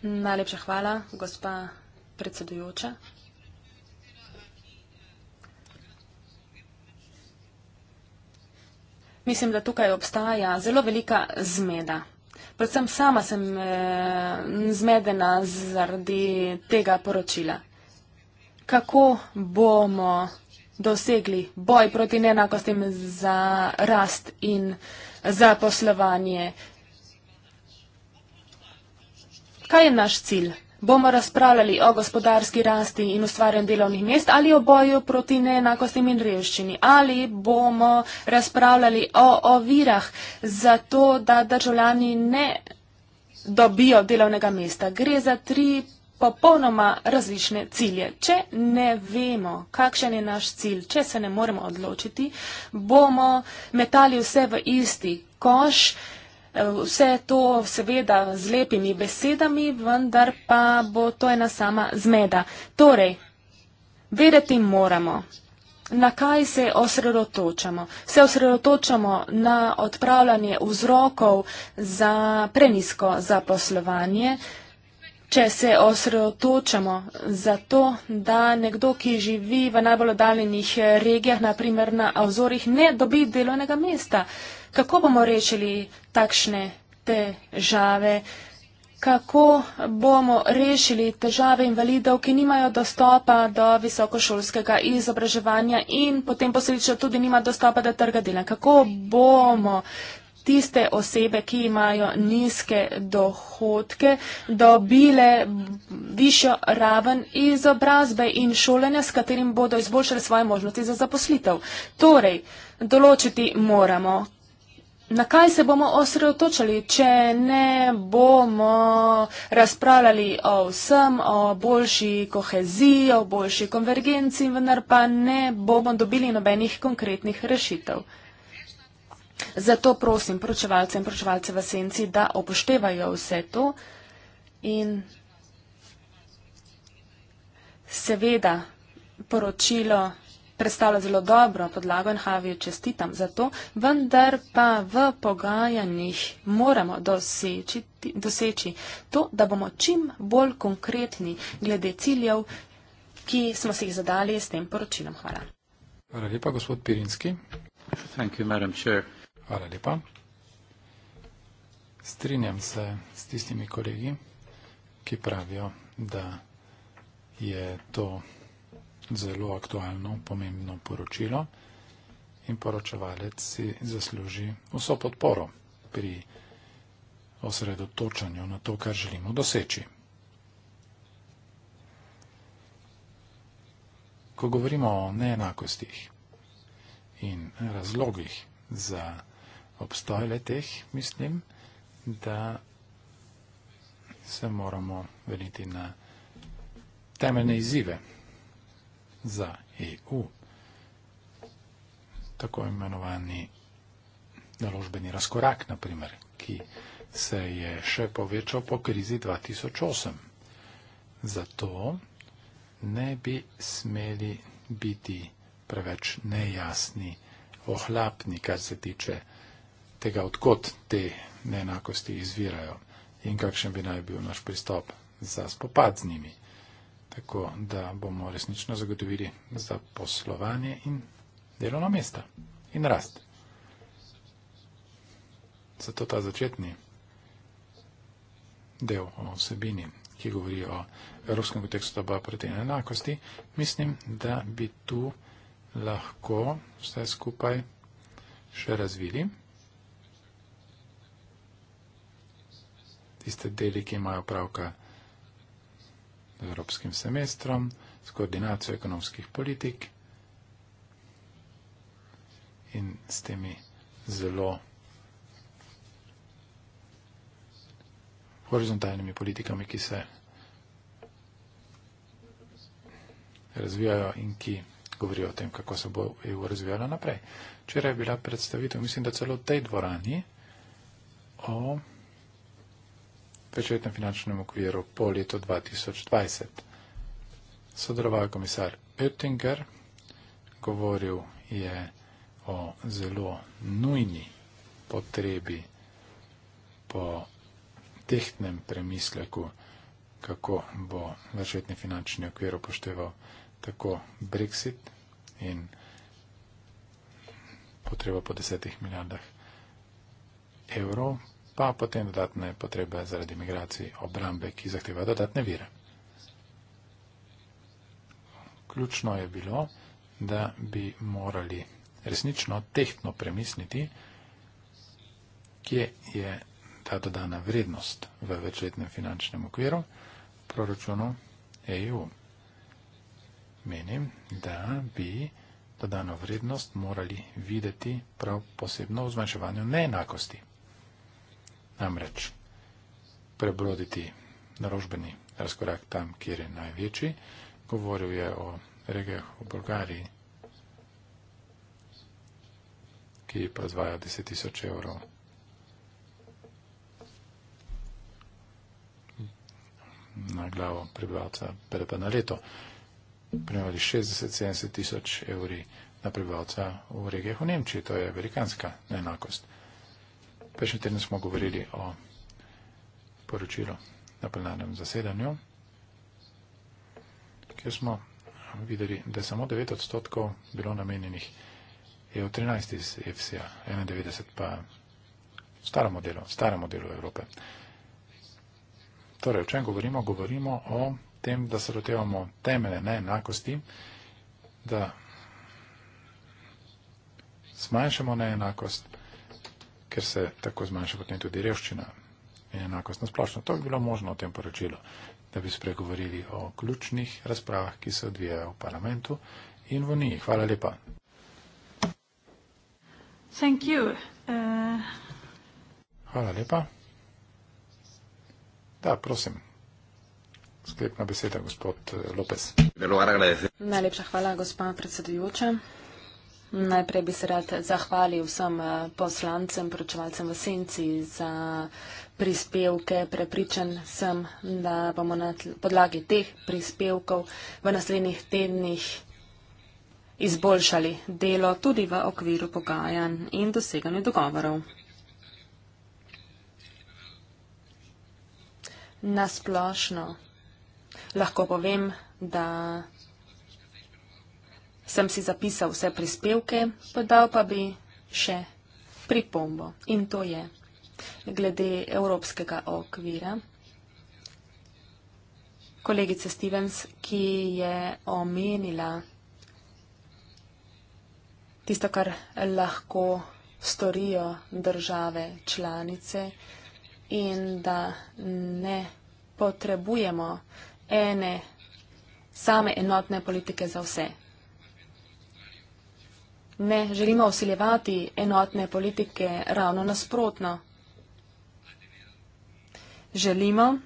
Najlepša hvala, gospa predsedujoča. Mislim, da tukaj obstaja zelo velika zmeda. Predvsem sama sem eh, zmedena zaradi tega poročila. Kako bomo dosegli boj proti nenakostim za rast in za poslovanje. Kaj je naš cilj? Bomo razpravljali o gospodarski rasti in ustvarjanju delovnih mest ali o boju proti neenakostim in revščini ali bomo razpravljali o ovirah za to, da državljani ne dobijo delovnega mesta. Gre za tri popolnoma različne cilje. Če ne vemo, kakšen je naš cilj, če se ne moremo odločiti, bomo metali vse v isti koš, eh, vse to seveda z lepimi besedami, vendar pa bo to ena sama zmeda. Torej, vedeti moramo. Na kaj se osredotočamo? Se osredotočamo na odpravljanje vzrokov za prenisko zaposlovanje, Če se osredotočamo za to, da nekdo, ki živi v najbolj oddaljenih eh, regijah, naprimer na Avzorih, ne dobi delovnega mesta, kako bomo rešili takšne težave? Kako bomo rešili težave invalidov, ki nimajo dostopa do visokošolskega izobraževanja in potem posledično tudi nima dostopa do trga dela? Kako bomo tiste osebe, ki imajo nizke dohodke, dobile višjo raven izobrazbe in šolenja, s katerim bodo izboljšali svoje možnosti za zaposlitev. Torej, določiti moramo. Na kaj se bomo osredotočali, če ne bomo razpravljali o vsem, o boljši koheziji, o boljši konvergenci, vendar pa ne bomo dobili nobenih konkretnih rešitev? Zato prosim pročevalce in pročevalce v senci, da upoštevajo vse to in seveda poročilo predstavlja zelo dobro podlago in Havijo čestitam za to, vendar pa v pogajanjih moramo doseči, doseči to, da bomo čim bolj konkretni glede ciljev, ki smo si jih zadali s tem poročilom. Hvala. Hvala lepa, gospod Pirinski. Thank you, Madam Chair. Hvala lepa. Strinjam se s tistimi kolegi, ki pravijo, da je to zelo aktualno, pomembno poročilo in poročevalec si zasluži vso podporo pri osredotočanju na to, kar želimo doseči. Ko govorimo o neenakostih in razlogih za obstoj le teh, mislim, da se moramo veliti na temeljne izzive za EU. Tako imenovani naložbeni razkorak, naprimer, ki se je še povečal po krizi 2008. Zato ne bi smeli biti preveč nejasni, ohlapni, kar se tiče tega, odkot te neenakosti izvirajo in kakšen bi naj bil naš pristop za spopad z njimi, tako da bomo resnično zagotovili za poslovanje in delovno mesto in rast. Zato ta začetni del o vsebini, ki govori o evropskem kontekstu boja proti neenakosti, mislim, da bi tu lahko vse skupaj še razvili. tiste deli, ki imajo pravka z evropskim semestrom, s koordinacijo ekonomskih politik in s temi zelo horizontalnimi politikami, ki se razvijajo in ki govorijo o tem, kako se bo EU razvijala naprej. Včeraj je bila predstavitev, mislim, da celo v tej dvorani o večletnem finančnem okviru po letu 2020. Sodeloval je komisar Oettinger, govoril je o zelo nujni potrebi po tehtnem premisleku, kako bo večletni finančni okvir upošteval tako Brexit in potreba po desetih milijardah evrov pa potem dodatne potrebe zaradi migracij obrambe, ki zahteva dodatne vire. Ključno je bilo, da bi morali resnično tehtno premisliti, kje je ta dodana vrednost v večletnem finančnem okviru proračunu EU. Menim, da bi dodano vrednost morali videti prav posebno v zmanjševanju neenakosti namreč prebroditi narožbeni razkorak tam, kjer je največji. Govoril je o regijah v Bolgariji, ki proizvaja 10 tisoč evrov. na glavo prebivalca predpa na leto. Primerali 60-70 tisoč evri na prebivalca v regijah v Nemčiji. To je velikanska neenakost. Prejšnji teden smo govorili o poročilu na plenarnem zasedanju, kjer smo videli, da je samo 9 odstotkov bilo namenjenih EU13 iz EFSA, 91 pa staro modelo, staro modelo Evrope. Torej, o čem govorimo? Govorimo o tem, da se lotevamo temele neenakosti, da zmanjšamo neenakost ker se tako zmanjša potem tudi revščina in enakost na splošno. To bi bilo možno v tem poročilu, da bi spregovorili o ključnih razpravah, ki se odvijajo v parlamentu in v Uniji. Hvala lepa. Uh... Hvala lepa. Da, prosim. Sklepna beseda, gospod Lopes. Najlepša hvala, gospa predsedujoča. Najprej bi se rad zahvalil vsem eh, poslancem, pročevalcem v senci za prispevke. Prepričan sem, da bomo na podlagi teh prispevkov v naslednjih tednih izboljšali delo tudi v okviru pogajanj in doseganju dogovorov. Nasplošno lahko povem, da sem si zapisal vse prispevke, podal pa bi še pripombo in to je glede evropskega okvira. Kolegica Stevens, ki je omenila tisto, kar lahko storijo države članice in da ne potrebujemo ene same enotne politike za vse. Ne želimo usiljevati enotne politike ravno nasprotno. Želimo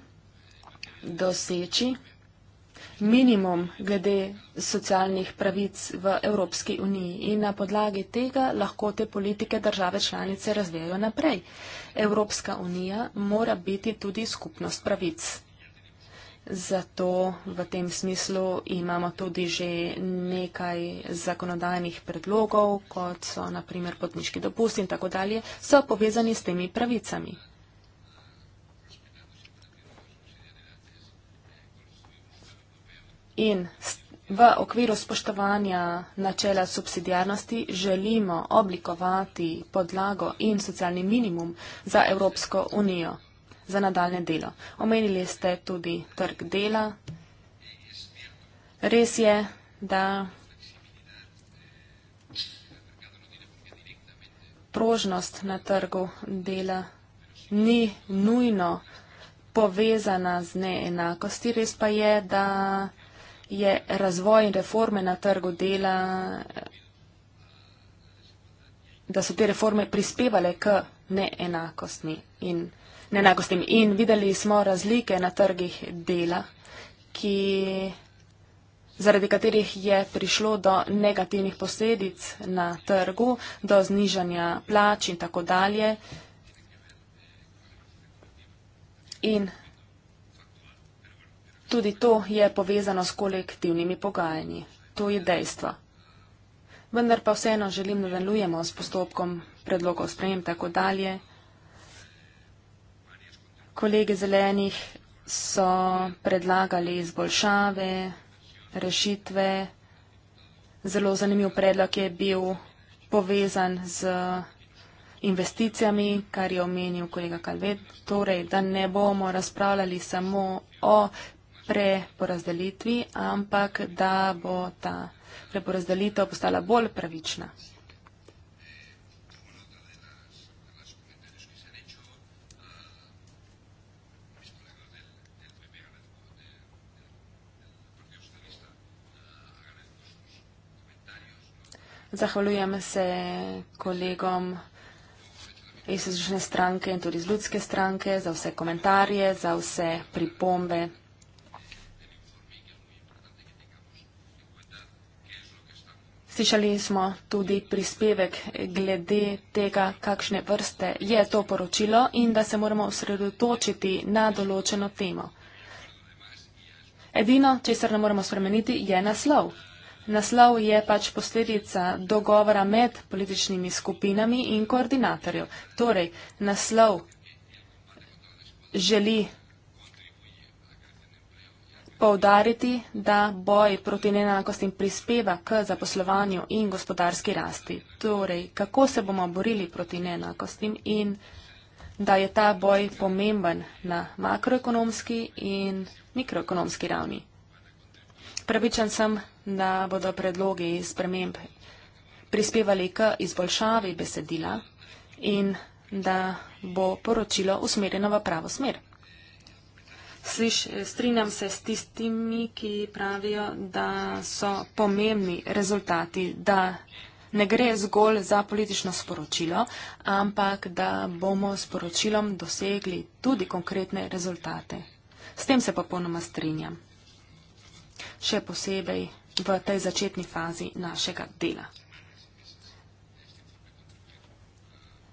doseči minimum glede socialnih pravic v Evropski uniji in na podlagi tega lahko te politike države članice razvijajo naprej. Evropska unija mora biti tudi skupnost pravic. Zato v tem smislu imamo tudi že nekaj zakonodajnih predlogov, kot so naprimer potniški dopust in tako dalje, so povezani s temi pravicami. In v okviru spoštovanja načela subsidijarnosti želimo oblikovati podlago in socialni minimum za Evropsko unijo za nadaljne delo. Omenili ste tudi trg dela. Res je, da prožnost na trgu dela ni nujno povezana z neenakosti. Res pa je, da je razvoj in reforme na trgu dela, da so te reforme prispevale k neenakostni in neenakosti neenakostim. In videli smo razlike na trgih dela, ki, zaradi katerih je prišlo do negativnih posledic na trgu, do znižanja plač in tako dalje. In tudi to je povezano s kolektivnimi pogajanji. To je dejstvo. Vendar pa vseeno želim, da nadaljujemo s postopkom predlogov sprejem in tako dalje kolege zelenih so predlagali izboljšave, rešitve. Zelo zanimiv predlog je bil povezan z investicijami, kar je omenil kolega Kalvet. Torej, da ne bomo razpravljali samo o preporazdelitvi, ampak da bo ta preporazdelitev postala bolj pravična. Zahvaljujem se kolegom iz Združene stranke in tudi iz Ljudske stranke za vse komentarje, za vse pripombe. Slišali smo tudi prispevek glede tega, kakšne vrste je to poročilo in da se moramo osredotočiti na določeno temo. Edino, če se ne moremo spremeniti, je naslov. Naslov je pač posledica dogovora med političnimi skupinami in koordinatorjev. Torej, naslov želi povdariti, da boj proti nenakostim prispeva k zaposlovanju in gospodarski rasti. Torej, kako se bomo borili proti nenakostim in da je ta boj pomemben na makroekonomski in mikroekonomski ravni. Pravičen sem, da bodo predlogi sprememb prispevali k izboljšavi besedila in da bo poročilo usmerjeno v pravo smer. Sliš, strinjam se s tistimi, ki pravijo, da so pomembni rezultati, da ne gre zgolj za politično sporočilo, ampak da bomo s poročilom dosegli tudi konkretne rezultate. S tem se popolnoma strinjam še posebej v tej začetni fazi našega dela.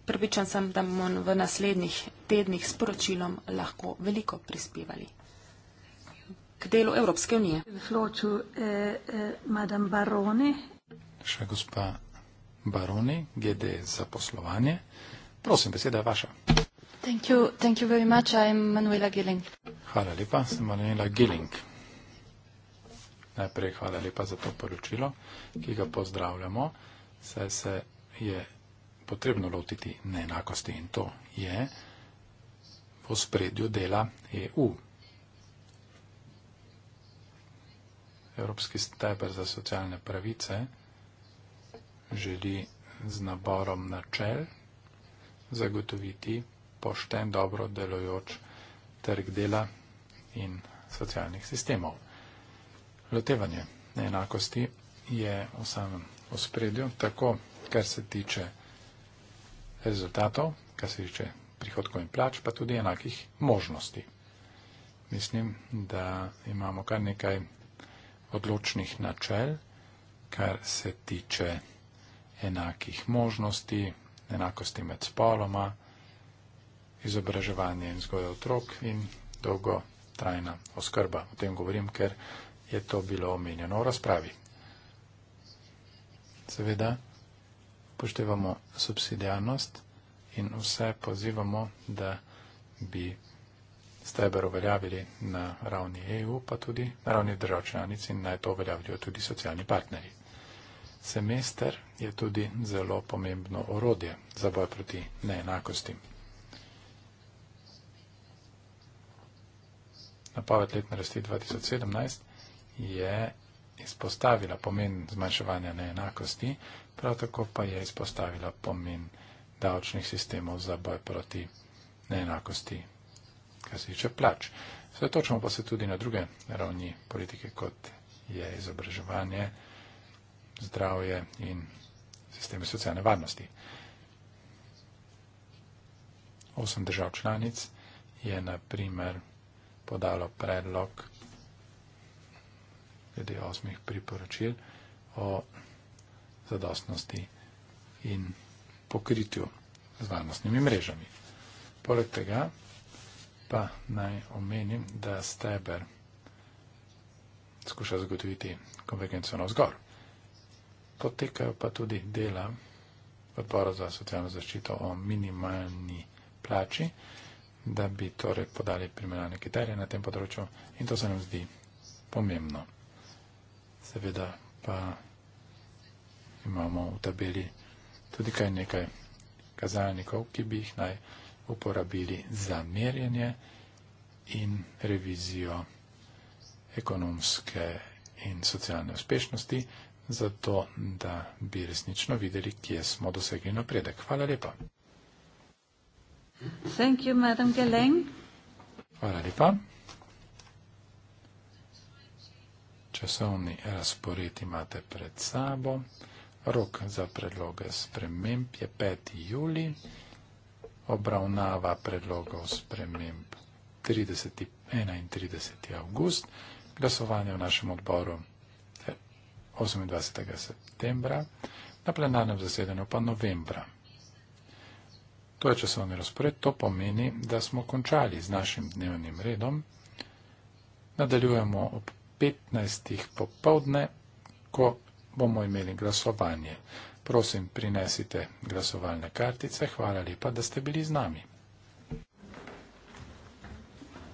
Prvičan sem, da bomo v naslednjih tednih s poročilom lahko veliko prispevali k delu Evropske unije. Hloču, eh, eh, Baroni. Še gospa Baroni, GD za poslovanje. Prosim, beseda je vaša. Thank you, thank you very much. I'm Manuela Gilling. Hvala lepa, sem Manuela Gilling. Najprej hvala lepa za to poročilo, ki ga pozdravljamo, saj se je potrebno lotiti neenakosti in to je v spredju dela EU. Evropski steber za socialne pravice želi z naborom načel zagotoviti pošten, dobro delojoč trg dela in socialnih sistemov lotevanje neenakosti je v samem ospredju, tako kar se tiče rezultatov, kar se tiče prihodkov in plač, pa tudi enakih možnosti. Mislim, da imamo kar nekaj odločnih načel, kar se tiče enakih možnosti, enakosti med spoloma, izobraževanje in zgoj otrok in dolgotrajna oskrba. O tem govorim, ker je to bilo omenjeno v razpravi. Seveda, upoštevamo subsidijarnost in vse pozivamo, da bi steber uveljavili na ravni EU, pa tudi na ravni držav članic in naj to uveljavljajo tudi socialni partnerji. Semester je tudi zelo pomembno orodje za boj proti neenakosti. Napoved letne rasti 2017 je izpostavila pomen zmanjševanja neenakosti, prav tako pa je izpostavila pomen davčnih sistemov za boj proti neenakosti, kar se tiče plač. Svetočamo pa se tudi na druge ravni politike, kot je izobraževanje, zdravje in sisteme socialne varnosti. Osem držav članic je na primer podalo predlog glede osmih priporočil o zadostnosti in pokritju z varnostnimi mrežami. Poleg tega pa naj omenim, da steber skuša zagotoviti konvergenco na vzgor. Potekajo pa tudi dela odbora za socialno zaščito o minimalni plači, da bi torej podali primerjalne kriterije na tem področju in to se nam zdi pomembno seveda pa imamo v tabeli tudi kaj nekaj kazalnikov, ki bi jih naj uporabili za merjenje in revizijo ekonomske in socialne uspešnosti, zato da bi resnično videli, kje smo dosegli napredek. Hvala lepa. Thank you, Madam Geleng. Hvala lepa. časovni razpored imate pred sabo. Rok za predloge sprememb je 5. juli. Obravnava predlogov sprememb 30, 31. avgust. Glasovanje v našem odboru 28. septembra. Na plenarnem zasedanju pa novembra. To je časovni razpored. To pomeni, da smo končali z našim dnevnim redom. Nadaljujemo ob 15. popovdne, ko bomo imeli glasovanje. Prosim, prinesite glasovalne kartice. Hvala lepa, da ste bili z nami.